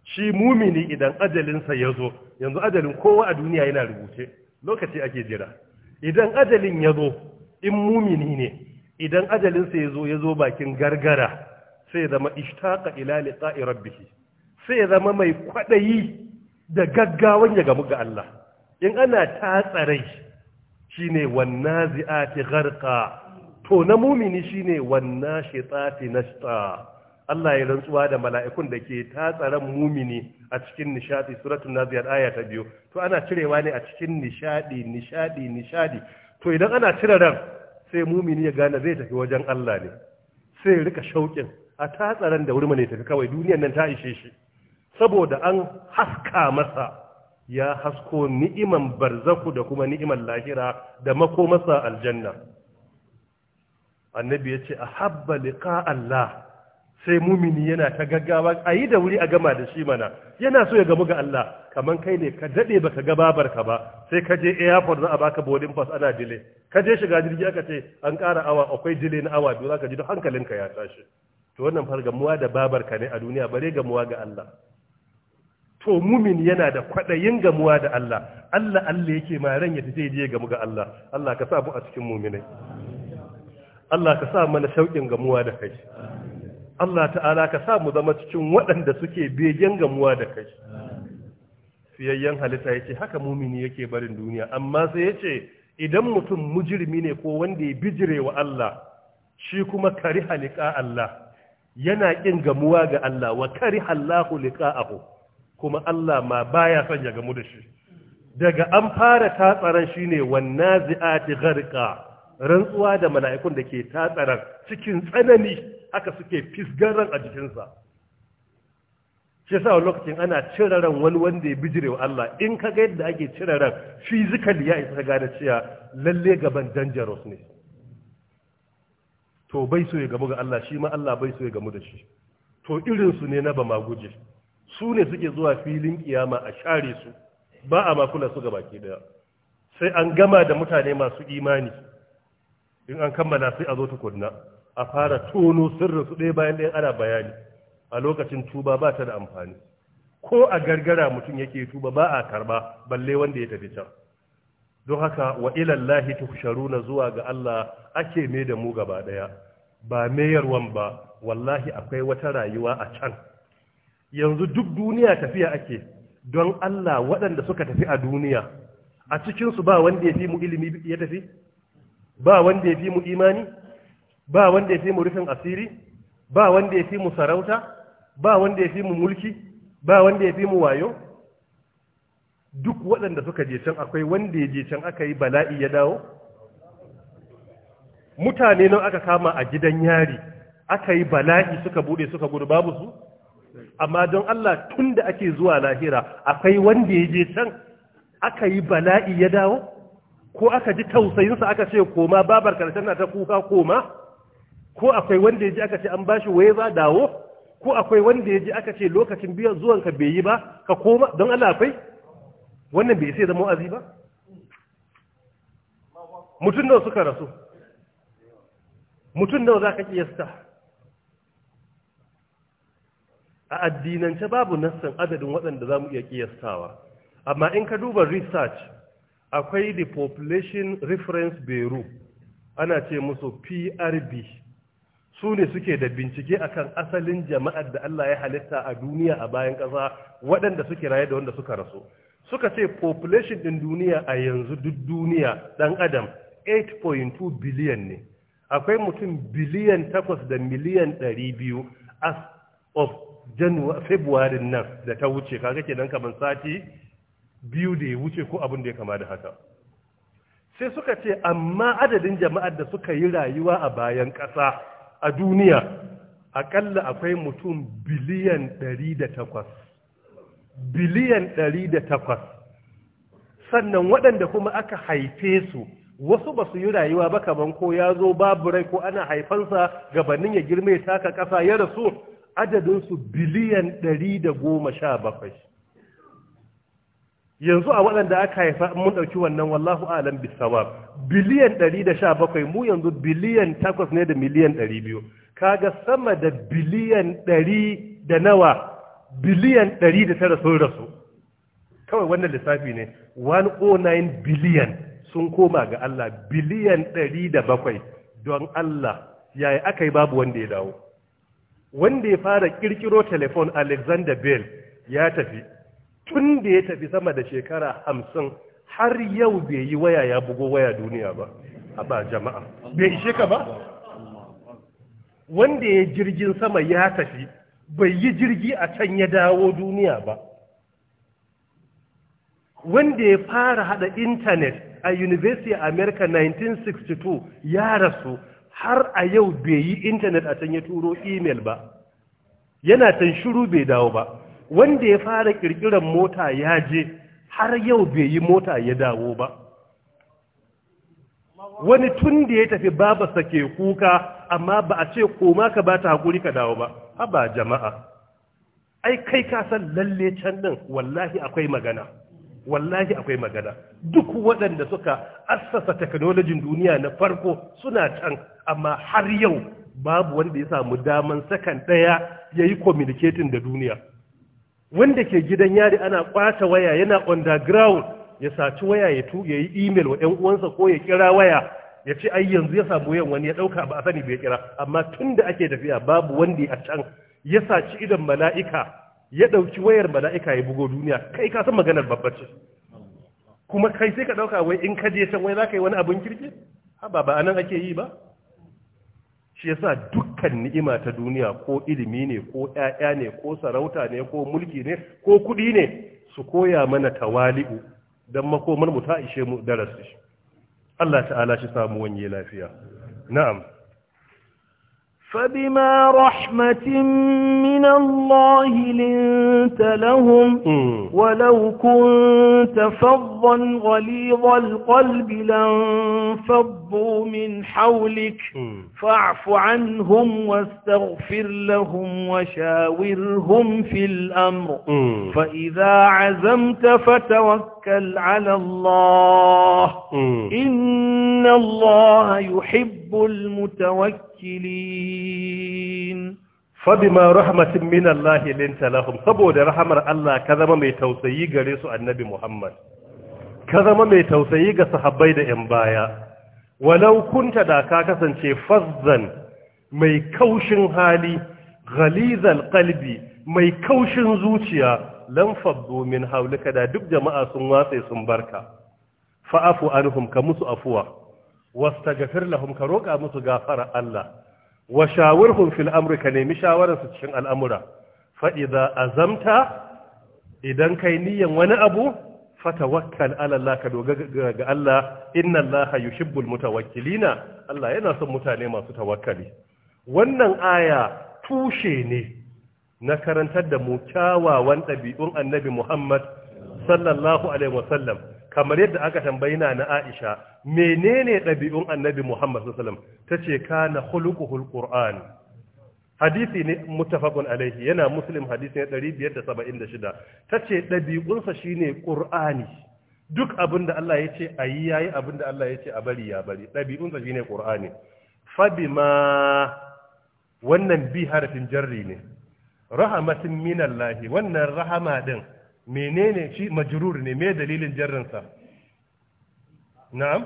shi mumini idan ajalinsa ya zo yanzu ajalin kowa a duniya yana rubuce lokaci ake jira idan ajalin yazo in mumini ne idan ajalinsa ya zo ya zo bakin gargara sai zama ishtaqa ila liqa'i rabbih sai zama mai kwadayi da gaggawan ya gamu ga Allah in ana tatsarai rai shine wannan zi'ati gharqa to na mumini shine wannan shitati nashta Allah ya rantsuwa da mala'ikun da ke tatsaran mumini a cikin nishadi suratun naziyar aya ta biyu to ana cirewa ne a cikin nishadi nishadi nishadi to idan ana cire ran sai mumini ya gane zai tafi wajen Allah ne sai rika shauƙin a tatsaran da wurma ne tafi kawai duniyar nan ta ishe shi saboda an haska masa ya hasko ni'iman barzaku da kuma ni'iman lahira da makomasa aljanna annabi ya ce a habba liqa Allah sai mumini yana ta gaggawa a yi da wuri a gama da shi mana yana so ya gamu ga Allah kaman kai ne ka daɗe ba ka gababar ka ba sai ka je airport za a baka boarding pass ana dile ka je shiga jirgi aka ce an ƙara awa akwai dile na awa biyu za ka ji duk hankalinka ya tashi to wannan fargamuwa da babar ka ne a duniya bare gamuwa ga Allah to mumin yana da kwaɗayin gamuwa da Allah Allah Allah yake ma ran ya tafi je gamu ga Allah Allah ka sa mu a cikin muminai Allah ka sa mana shauƙin gamuwa da kai Allah ta'ala ka sa mu zama cikin waɗanda suke begen gamuwa da kai fiyayyen halitta yace haka mumini yake barin duniya amma sai yace idan mutum mujrimi ne ko wanda ya bijire wa Allah shi kuma kari halika Allah yana kin gamuwa ga Allah wa kari Allahu liqa'ahu kuma Allah ma baya son ya gamu da shi daga an fara tatsaran shine wannazi'ati gharqa rantsuwa da mala'ikun da ke tatsaran cikin tsanani haka suke fisgaran a jikinsa shi yasa lokacin ana cire wani wanda ya bijire wa Allah in ka ga yadda ake cire physically ya isa gane cewa lalle gaban dangerous ne to bai so ya gamu ga Allah shi ma Allah bai so ya gamu da shi to irin su ne na ba guje su ne suke zuwa filin kiyama a share su ba a makula su gabaki daya sai an gama da mutane masu imani in an kammala sai a zo tukunna a fara tono sirrin su ɗaya bayan ɗayan ana bayani a lokacin tuba ba ta da amfani ko a gargara mutum yake tuba ba a karba balle wanda ya tafi can don haka wa ilallahi tuhsharuna zuwa ga Allah ake me da mu gaba daya ba meyarwan ba wallahi akwai wata rayuwa a can yanzu duk duniya tafiya ake don Allah waɗanda suka tafi a duniya a cikinsu ba wanda ya fi mu ilimi ya tafi ba wanda ya fi mu imani ba wanda ya fi mu rufin asiri ba wanda ya fi mu sarauta ba wanda ya fi mu mulki ba wanda ya fi mu wayo duk waɗanda suka je can akwai wanda ya je can aka yi bala'i ya dawo mutane nan aka kama a gidan yari aka yi bala'i suka bude suka gudu babu su amma don Allah tun da ake zuwa lahira akwai wanda ya je can aka yi bala'i ya dawo ko aka ji tausayinsa aka ce koma babar karshen na ta kuka koma ko akwai wanda ya ji aka ce an bashi waye za dawo ko akwai wanda ya ji aka ce lokacin biyan zuwanka bai yi ba ka koma don Allah akwai wannan bai sai zama azi ba mutum nawa suka rasu mutum nawa za ka kiyasta a addinance babu nassan adadin waɗanda za mu iya kiyastawa, amma in ka duba research akwai the population reference bureau ana ce musu prb su ne suke da bincike akan asalin jama'ar da allah ya halitta a duniya a bayan ƙasa waɗanda suke raye da wanda suka rasu suka ce population ɗin duniya a yanzu duk duniya ɗan adam 8.2 billion ne akwai mutum biliyan takwas da miliyan ɗari biyu as of february nan da ta wuce kaga nan kamar sati biyu da ya wuce ko abin da ya kama da haka sai suka ce amma adadin jama'ar da suka yi rayuwa a bayan ƙasa a duniya aƙalla akwai mutum biliyan ɗari da takwas. biliyan ɗari da takwas sannan waɗanda kuma aka haife su wasu ba su yi rayuwa ba kamar ko ya zo babu rai ko ana haifansa gabanin ya girme taka ƙasa ya rasu adadinsu biliyan ɗari da goma sha bakwai yanzu a waɗanda aka haifa mun ɗauki wannan wallahu alam bisawa biliyan ɗari da sha bakwai mu yanzu biliyan takwas ne da miliyan ɗari biyu kaga sama da biliyan ɗari da nawa biliyan ɗari da tara sun rasu kawai wannan lissafi ne 109 biliyan sun koma ga Allah biliyan ɗari da bakwai don Allah yaya aka yi babu wanda ya dawo wanda ya fara kirkiro telefon alexander bell ya tafi tun da ya tafi sama da shekara hamsin har yau bai yi waya ya bugo waya duniya ba a ba jama'a bai ishe ka ba wanda ya jirgin sama ya tafi bai yi jirgi a can ya dawo duniya ba wanda ya fara hada intanet a university america 1962 ya rasu har a yau bai yi intanet a can ya turo imel ba yana can shiru bai dawo ba wanda ya fara kirkiran mota ya je har yau bai yi mota ya dawo ba wani tun da ya tafi babarsa sake kuka amma ba a ce koma ka ba ta haƙuri ka dawo ba haba jama'a ai kai ka san lalle can nan wallahi akwai magana wallahi akwai magana duk waɗanda suka assasa teknolojin duniya na farko suna can amma har yau babu wanda ya samu daman sakan ɗaya ya yi communicating da duniya wanda ke gidan yari ana ƙwata waya yana underground ya saci waya ya tu ya yi email wa ‘yan uwansa ko ya kira waya ya ce ai yanzu ya samu yan wani ya ɗauka ba a sani bai kira amma tun da ake tafiya babu wanda a can ya saci idan mala'ika ya ɗauki wayar mala'ika ya bugo duniya kai ka san maganar babbar ce kuma kai sai ka ɗauka wai in ka je can wai za ka yi wani abin kirki haba ba anan ake yi ba shi ya sa dukkan ni'ima ta duniya ko ilimi ne ko ƴaƴa ne ko sarauta ne ko mulki ne ko kuɗi ne su koya mana tawali'u Don makomar mu ta ishe mu darasi Allah ta'ala shi samu wanye lafiya na'am فبما رحمة من الله لنت لهم ولو كنت فظا غليظ القلب لانفضوا من حولك فاعف عنهم واستغفر لهم وشاورهم في الأمر فإذا عزمت فتوكل على الله إن الله يحب المتوكل wakilin fabima rahmatin min lintalahum. saboda rahamar Allah ka zama mai tausayi gare su annabi Muhammad ka zama mai tausayi ga sahabbai da 'yan baya walaukunta da ka kasance fazzan mai kaushin hali ghalizal qalbi mai kaushin zuciya lam faddu min hawlika da duk jama'a sun watse sun barka fa'afu anhum ka musu afuwa wastaghfir lahum ka roƙa musu gafara Allah wa shawirhum fil amri ka nemi shawaran su cikin al'amura fa idza azamta idan kai niyan wani abu fatawakkal ala Allah ka dogara ga Allah inna Allah yuhibbul mutawakkilina Allah yana son mutane masu tawakkali wannan aya tushe ne na karantar da mu kyawawan ɗabi'un annabi Muhammad sallallahu alaihi wasallam kamar yadda aka tambayi na na Aisha menene ɗabi'un Annabi Muhammad sallallahu alaihi wasallam tace kana khuluquhul Qur'an hadisi ne muttafaqun alaihi yana Muslim hadisi ne 576 tace ɗabi'un sa shine Qur'ani duk abinda Allah ya ce ayi yayi abinda Allah ya ce a bari ya bari ɗabi'un sa shine Qur'ani fabima wannan bi harfin jarri ne rahmatin minallahi wannan rahama din menene shi majrur ne me dalilin jarrinsa na'am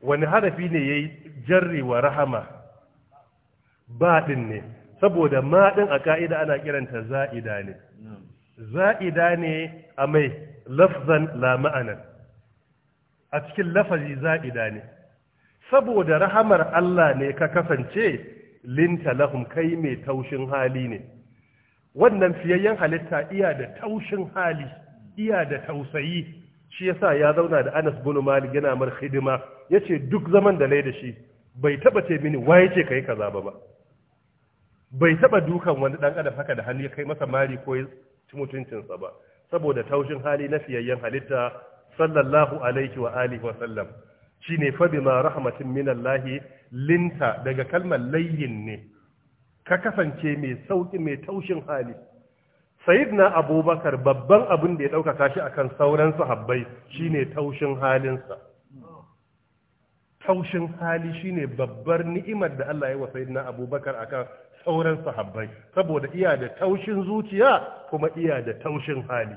wani harafi ne yayi jarri wa rahama baɗin ne saboda maɗin a ka'ida ana kiranta za'ida ne za'ida ne a mai lafzan la ma'anan a cikin lafazi za'ida ne saboda rahamar Allah ne ka kasance linta lahum kai mai taushin hali ne wannan fiyayyen halitta iya da taushin hali iya da tausayi shi yasa ya zauna da Anas bin Malik yana mar hidima yace duk zaman da lai da shi bai taba ce mini wai yace kai kaza ba bai taba dukan wani dan adam haka da hannu ya kai masa mari ko ya ci mutuncinsa ba saboda taushin hali na fiyayyen halitta sallallahu alaihi wa alihi wa sallam shine fa bima rahmatin minallahi linta daga kalmar layyin ne ka kasance mai sauƙi mai taushin hali na abubakar babban abin da ya ɗaukaka shi akan sauran sahabbai shine taushin halinsa taushin hali shine babbar ni'imar da Allah ya wa sayyidna abubakar akan sauran sahabbai saboda iya da taushin zuciya kuma iya da taushin hali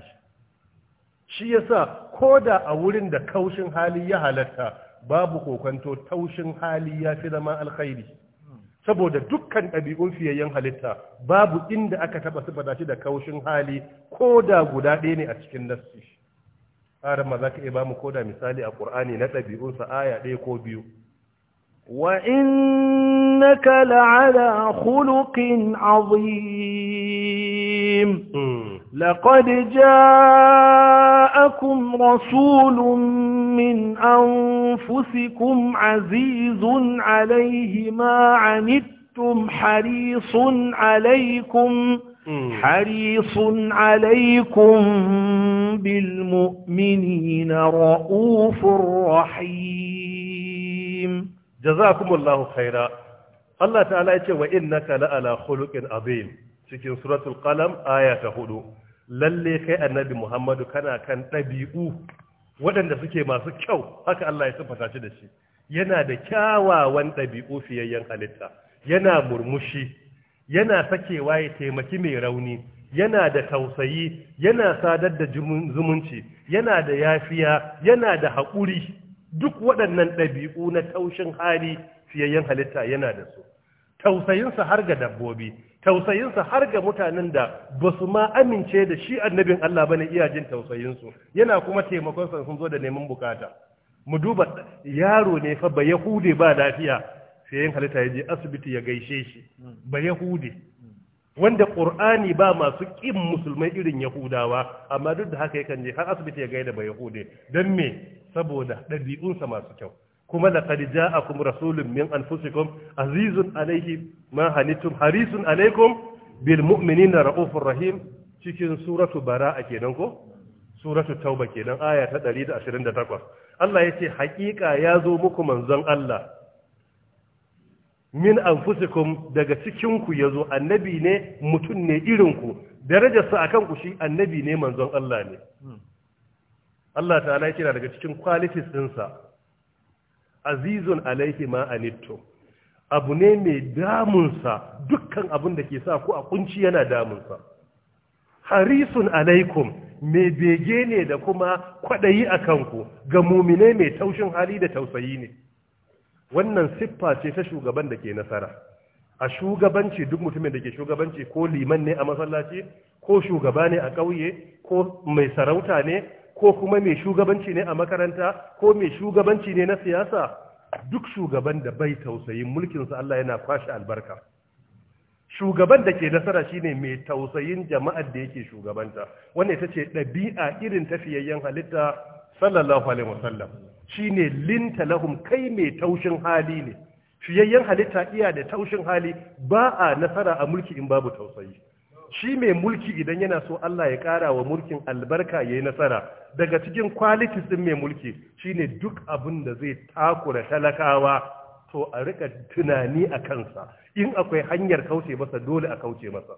shi yasa ko da a wurin da taushin hali ya halatta babu kokwanto taushin hali ya fi zama alkhairi saboda dukkan ɗabi'un fiyayyen halitta babu inda aka taɓa sifata shi da kaushin hali ko da guda ɗaya ne a cikin nassi ƙarar ma za ka iya ba mu ko da misali a ƙur'ani na ɗabi'unsa aya ɗaya ko biyu wa in إنك لعلى خلق عظيم لقد جاءكم رسول من أنفسكم عزيز عليه ما عنتم حريص عليكم حريص عليكم بالمؤمنين رؤوف رحيم جزاكم الله خيرا Allah ta'ala ya ce wa innaka la'ala khuluqin azim cikin suratul qalam aya ta hudu lalle kai annabi Muhammadu kana kan ɗabi'u waɗanda suke masu kyau haka Allah ya siffata shi da shi yana da kyawawan ɗabi'u fiyayyen halitta yana murmushi yana sakewa ya taimaki mai rauni yana da tausayi yana sadar da zumunci yana da yafiya yana da haƙuri duk waɗannan ɗabi'u na taushin hali fiyayyen halitta yana da su tausayinsa har ga dabbobi tausayinsa har ga mutanen da ba su ma amince da shi annabin Allah bane iya jin tausayinsu yana kuma taimakon sa sun zo da neman bukata mu duba yaro ne fa ba yahude ba lafiya fiyayyen halitta ya je asibiti ya gaishe shi ba yahude wanda ƙur'ani ba masu ƙin musulmai irin yahudawa amma duk da haka yakan je har asibiti ya gaida ba yahude don me saboda ɗabi'unsa masu kyau kuma a kuma rasulun min anfusikum azizun alayhi ma hanitum harisun alaykum bil na raufur rahim cikin suratu a kenan ko suratu tauba kenan aya ta 128 Allah yace haƙiƙa ya zo muku manzon Allah min anfusikum daga cikinku ya yazo annabi ne mutum ne irin ku darajarsa akan ku shi annabi ne manzon Allah ne hmm. Allah ta'ala yake daga cikin qualities ɗinsa azizun alaihi ma anittum abu ne mai damunsa dukkan abun da ke sa ku a kunci yana damunsa harisun alaikum mai bege ne da kuma kwaɗayi a kanku ga mumine mai taushin hali da tausayi ne wannan siffa ce ta shugaban da ke nasara a shugabanci duk mutumin da ke shugabanci ko liman ne a masallaci ko shugaba ne a ƙauye ko mai sarauta ne ko kuma mai shugabanci ne a makaranta ko mai shugabanci ne na siyasa duk shugaban da bai tausayin mulkinsa Allah yana kwashe albarka shugaban da ke nasara shine mai tausayin jama'ar da yake shugabanta wanda ita ce ɗabi'a irin tafiyayyen halitta sallallahu alaihi wasallam shine linta lahum kai mai taushin hali ne fiyayyen halitta iya da taushin hali ba a nasara a mulki in babu tausayi shi mai mulki idan yana so Allah ya ƙara wa mulkin albarka ya yi nasara daga cikin kwalitis ɗin mai mulki shine duk abin da zai takura talakawa to a rika tunani a kansa in akwai hanyar kauce masa dole a kauce masa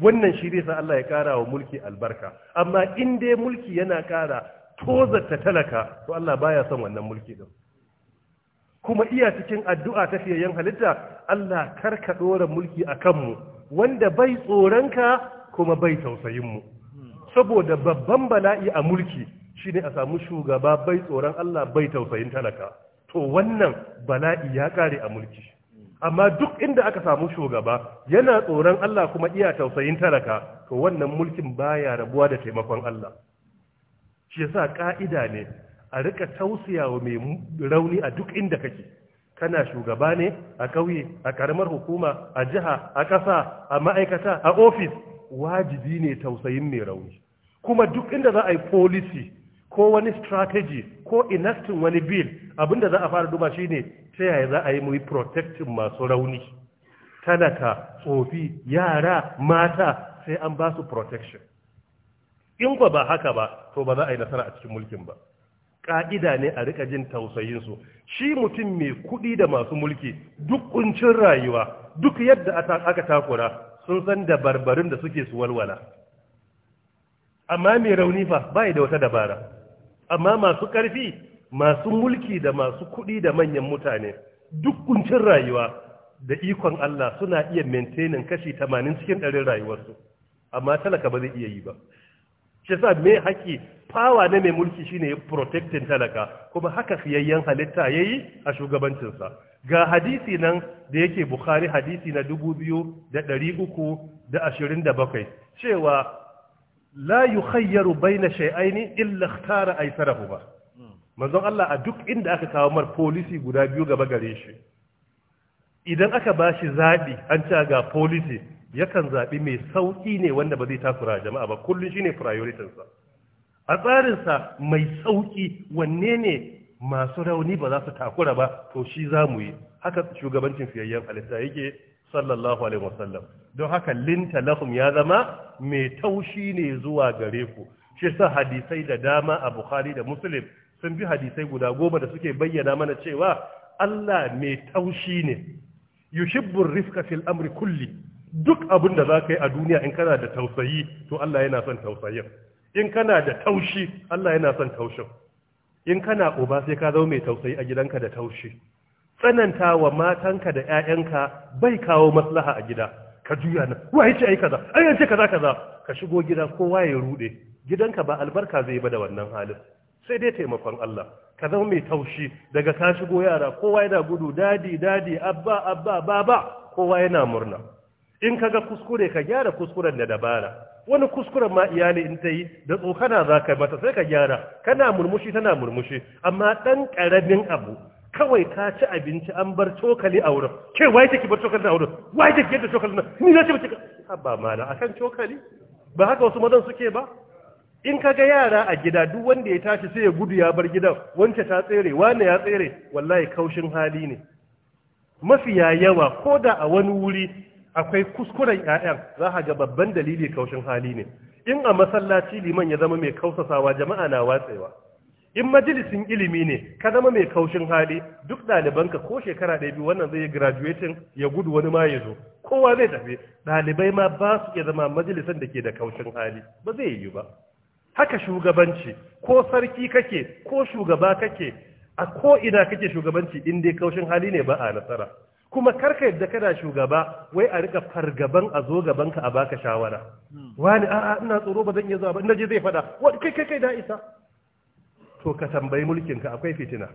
wannan shi zai sa Allah ya ƙara wa mulki albarka amma in dai mulki yana ƙara tozarta talaka to Allah baya son wannan mulki ɗin kuma iya cikin addu'a ta fiye yan halitta Allah karka ɗora mulki a kanmu wanda bai tsoronka kuma bai tausayinmu saboda babban bala'i a mulki shine a samu shugaba bai tsoron Allah bai tausayin talaka to wannan bala'i ya kare a mulki amma duk inda aka samu shugaba yana tsoron Allah kuma iya tausayin talaka to wannan mulkin baya rabuwa da taimakon Allah shi yasa ka'ida ne a rika tausayawa mai rauni a duk inda kake kana shugaba ne a ƙauye a karamar hukuma a jiha a ƙasa a ma'aikata a ofis wajibi ne tausayin mai rauni kuma duk inda za a yi policy ko wani strategy ko enacting wani bill abinda za a fara duba shine ta yaya za a yi muyi protecting masu rauni talaka tsofi yara mata sai an ba su protection in ba haka ba to ba za a yi nasara a cikin mulkin ba ƙa'ida ne a rika jin tausayinsu shi mutum mai kuɗi da masu mulki duk ƙuncin rayuwa duk yadda aka takura sun san dabarbarin da suke su walwala amma mai rauni fa bai da wata dabara amma masu ƙarfi masu mulki da masu kuɗi da manyan mutane duk ƙuncin rayuwa da ikon Allah suna iya maintainin kashi 80 cikin ɗarin rayuwarsu amma talaka ba zai iya yi ba shi sa mai haƙƙi fawa na mai mulki shine ya protectin talaka kuma haka fiyayyen halitta ya yi a shugabancinsa ga hadisi nan da yake bukhari hadisi na da da da uku ashirin bakwai cewa la bai na shay'aini illa ikhtara ba manzon Allah a duk inda aka kawo mar policy guda biyu gaba gare shi idan aka ba shi zaɓi an ce ga policy yakan zaɓi mai sauƙi ne wanda ba zai takura jama'a ba kullum shine prioritinsa a tsarinsa mai sauƙi wanne ne masu rauni ba za su takura ba to shi za mu yi haka shugabancin fiyayyen halitta yake sallallahu alaihi wasallam don haka linta lahum ya zama mai taushi ne zuwa gare ku shi sa hadisai da dama a bukhari da muslim sun bi hadisai guda goma da suke bayyana mana cewa Allah mai taushi ne yushibbu rifka fil amri kulli duk abin da za ka yi a duniya in kana da tausayi to Allah yana son tausayin in kana da taushi Allah yana son taushin in kana uba sai ka zama mai tausayi a gidanka da taushi tsananta wa matanka da ƴaƴanka bai kawo maslaha a gida ka juya nan wai ce ai kaza ai ce kaza kaza ka shigo gida kowa ya rude gidanka ba albarka zai ba da wannan halin sai dai taimakon Allah ka zama mai taushi daga ka shigo yara kowa yana gudu dadi dadi abba abba baba kowa yana murna in kaga kuskure ka gyara kuskuren da dabara wani kuskuren ma iyali in ta yi da tsokana za ka mata sai ka gyara kana murmushi tana murmushi amma ɗan ƙaramin abu kawai ka ci abinci an bar cokali a wurin ke wai take bar cokali a wurin wai take yadda cokali ni na ce bace ba mala akan cokali ba haka wasu mazan suke ba in ka ga yara a gida duk wanda ya tashi sai ya gudu ya bar gidan wance ta tsere wane ya tsere wallahi kaushin hali ne mafiya yawa ko da a wani wuri akwai kuskuren ƴaƴan za ka ga babban dalili kaushin hali ne in a masallaci liman ya zama mai kausasawa jama'a na watsewa in majalisin ilimi ne ka zama mai kaushin hali duk ɗalibanka ko shekara ɗaya biyu wannan zai yi graduation ya gudu wani ma ya zo kowa zai tafi ɗalibai ma ba su iya zama majalisan da ke da kaushin hali ba zai yi ba haka shugabanci ko sarki kake ko shugaba kake a ko ina kake shugabanci in dai kaushin hali ne ba a nasara kuma karka yadda kana shugaba wai a rika fargaban a zo gabanka a baka shawara wani a'a ina tsoro ba zan iya zuwa ba ina je zai fada wani kai kai kai da isa to ka tambayi mulkin ka akwai fitina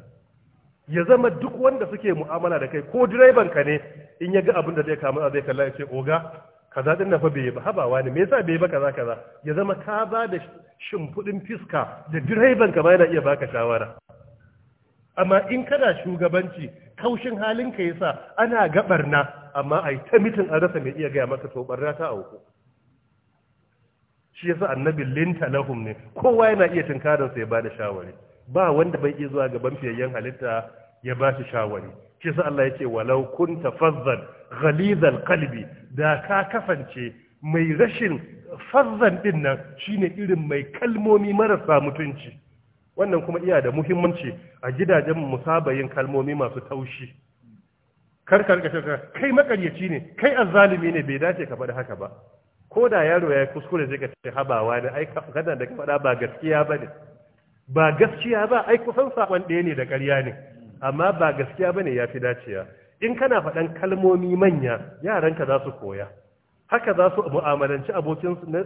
ya zama duk wanda suke mu'amala da kai ko direban ka ne in ya ga abin da zai kama zai kalla ya ce oga kaza din na fa bai ba haba wani me yasa bai ba kaza kaza ya zama ka ba da shimfudin fiska da direban ka ba yana iya baka shawara amma in kana shugabanci kaushin halinka yasa ana gabar na, amma ai ta mitin a rasa mai iya gaya maka to barna ta auku shi yasa annabi linta lahum ne kowa yana iya tunkarar sai ba da shawari ba wanda bai iya zuwa gaban fiyayyen halitta ya ba shi shawari shi yasa Allah yake walau kunta fazzan ghalizal qalbi da ka kasance mai rashin fazzan din nan shine irin mai kalmomi marasa mutunci wannan kuma iya da muhimmanci a gidajen musabayin kalmomi masu taushi kar ka kai makaryaci ne kai azzalumi ne bai dace ka faɗi haka ba ko da yaro ya yi kuskure zai ka ce habawa ne ai kada da ka faɗa ba gaskiya ba ne ba gaskiya ba ai kusan saƙon ɗaya ne da ƙarya ne amma ba gaskiya ba ne ya fi dacewa in kana faɗan kalmomi manya yaranka za su koya haka za su mu'amalanci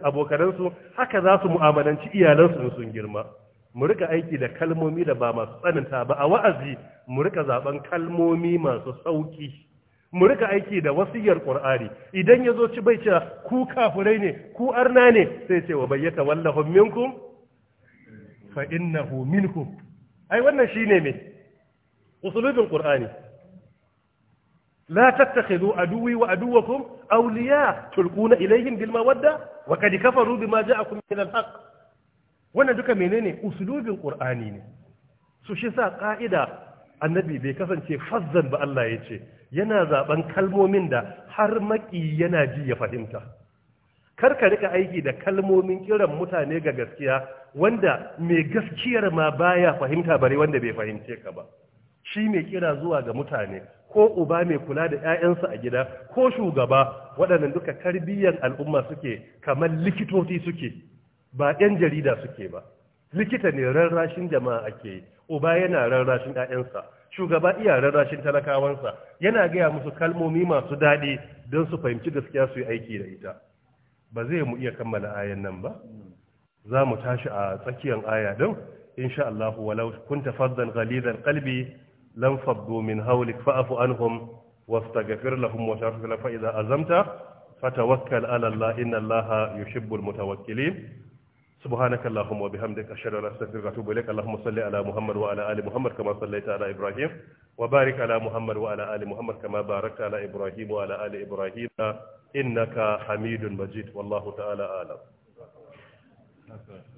abokansu haka za su mu'amalanci iyalansu in sun girma mu rika aiki da kalmomi da ba masu tsananta ba a wa'azi mu rika zaben kalmomi masu sauki mu rika aiki da wasiyar qur'ani idan yazo ci bai cewa ku kafurai ne ku arna ne sai ce wa bayyata wallahu minkum fa innahu minkum ai wannan shine me usulubin qur'ani la tattakhidhu aduwi wa aduwakum awliya tulquna ilayhim bil mawadda wa qad kafaru bima ja'akum min al haqq wannan duka menene usulubin qur'ani ne so shi sa ka'ida annabi bai kasance fazzan ba Allah ya ce yana zaben kalmomin da har maki yana ji ya fahimta kar ka rika aiki da kalmomin kiran mutane ga gaskiya wanda mai gaskiyar ma baya fahimta bare wanda bai fahimce ka ba shi mai kira zuwa ga mutane ko uba mai kula da 'ya'yansa a gida ko shugaba waɗannan duka tarbiyyar al'umma suke kamar likitoci suke ba 'yan jarida suke ba likita ne rarrashin jama'a ake yi uba yana rarrashin 'ya'yansa, shugaba iya rarrashin talakawansa yana gaya musu kalmomi masu daɗi don su fahimci gaskiya su yi aiki da ita ba zai mu iya kammala ayan nan ba za mu tashi a tsakiyar aya din insha Allah walau kunta faddan ghalidhal qalbi lam faddu min hawlik fa'fu anhum wastaghfir lahum wa tarfil fa idza azamta fatawakkal ala inna Allah yuhibbul mutawakkilin سبحانك اللهم وبحمدك أشهد أن لا إله إلا أنت أستغفرك وأتوب اللهم صل على محمد وعلى آل محمد كما صليت على إبراهيم وبارك على محمد وعلى آل محمد كما باركت على إبراهيم وعلى آل إبراهيم إنك حميد مجيد والله تعالى أعلم